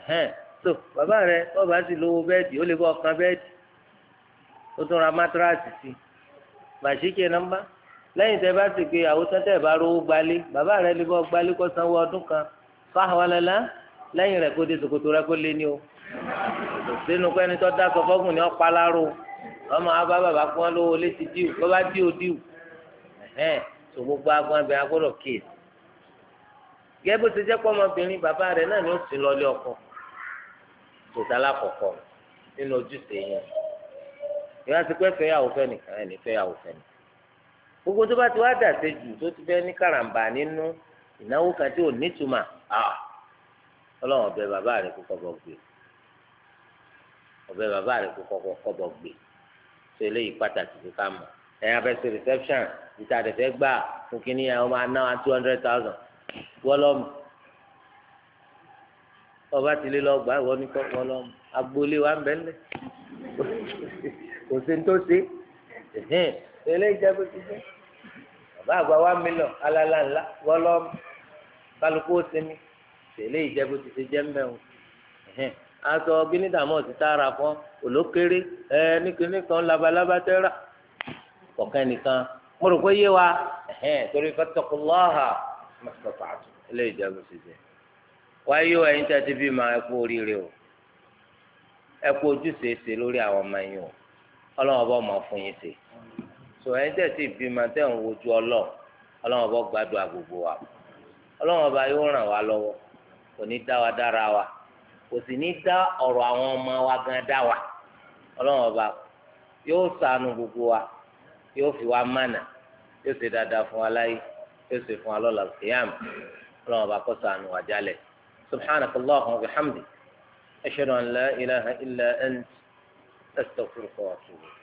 ẹ̀hẹ́n tó bàbá rẹ bọ́ọ̀ bá sì lówó bẹ́ẹ̀dì ó lè bọ́ ọkàn bẹ́ẹ̀dì ó tún ra mátíráàsì sí i màṣíkè nọ́mbà lẹ́yìn tẹ́ bá sì pé ìyàwó tẹ́tẹ́ bá rówó gbalé bàbá rẹ lè bọ́ gbalé kó sanwó ọdún kan fáwọlẹ́lá lẹ́yìn rẹ̀ kó dé ṣòkòtò rẹ kó lé ní o sínú pẹ́ni tó dá fọ́gùn ni ọ ẹ̀hẹ́n tó gbogbo agbọn abẹ agbọ́dọ̀ kéèsì gẹ́gẹ́ bó ti jẹ́ pé ọmọbìnrin bàbá rẹ̀ náà ni ó sì lọlé ọkọ tòtá lákọ̀ọ́kọ́ nínú ojúṣe yẹn ìyá ti pẹ́ fẹ́yàwó fẹ́ nìkan ẹ̀ ní fẹ́yàwó fẹ́ nìkan gbogbo tó bá ti wá dà sí jù tó ti fẹ́ ní kàràǹbà nínú ìnáwó kan tí ò nítumà ọlọ́run ọbẹ̀ bàbá rẹ̀ kó kọ́bọ̀ gbé ọbẹ̀ bàbá rẹ̀ kó kọ́bọ̀ gbé tó eléyìí pàtàkì kó ká mọ̀ ẹ̀yin abẹ́sẹ̀ reception ìta àdẹ̀fẹ́ gbà fún kínní ẹ̀ ọmọ aná wa two hundred thousand wọ́lọ́mù ọba ti lé lọ gbà wọ́n ní kọ́ wọ́lọ́mù agboolé wa ń bẹ́ lẹ̀ kò sí ní tó ṣe eléyìí jẹ́ bó ti jẹ́ bàbá àgbà wa mílọ̀ alala ńlá wọ́lọ́mù kálukú ó sinmi eléyìí jẹ́ ti ṣe jẹ́ mbẹ́wò aṣọ gínídàmọ́ọ̀sì tá a fún olókèrè ẹ ní kíní kan labalábá tẹ́ kọ̀ọ̀kan nìkan mo rò pé yé wa ẹ̀hẹ́n torí fattaqullaha mastata'tu ilé ìjọba ṣe wáyé tí a ti bí ma oríire o ẹ ojúṣe ṣe lórí àwọn ọmọ o ọlọ́wọ́n ọmọ fún yín ṣe so ẹ̀yin tí a ti bí ma tẹ̀ ń wojú ọlọ́ ọlọ́wọ́n bá wa ọlọ́wọ́n bá yóò ràn wá lọ́wọ́ yóò fi wá mánà yóò ṣe dáadáa fún wa láyé yóò ṣe fún wa lọ́la kìyàm ọlọ́run ọba kó ṣàánú wa jálẹ̀ subhanaka allahumma wa bihamdi ashhadu an la ilaha illa ant astaghfiruka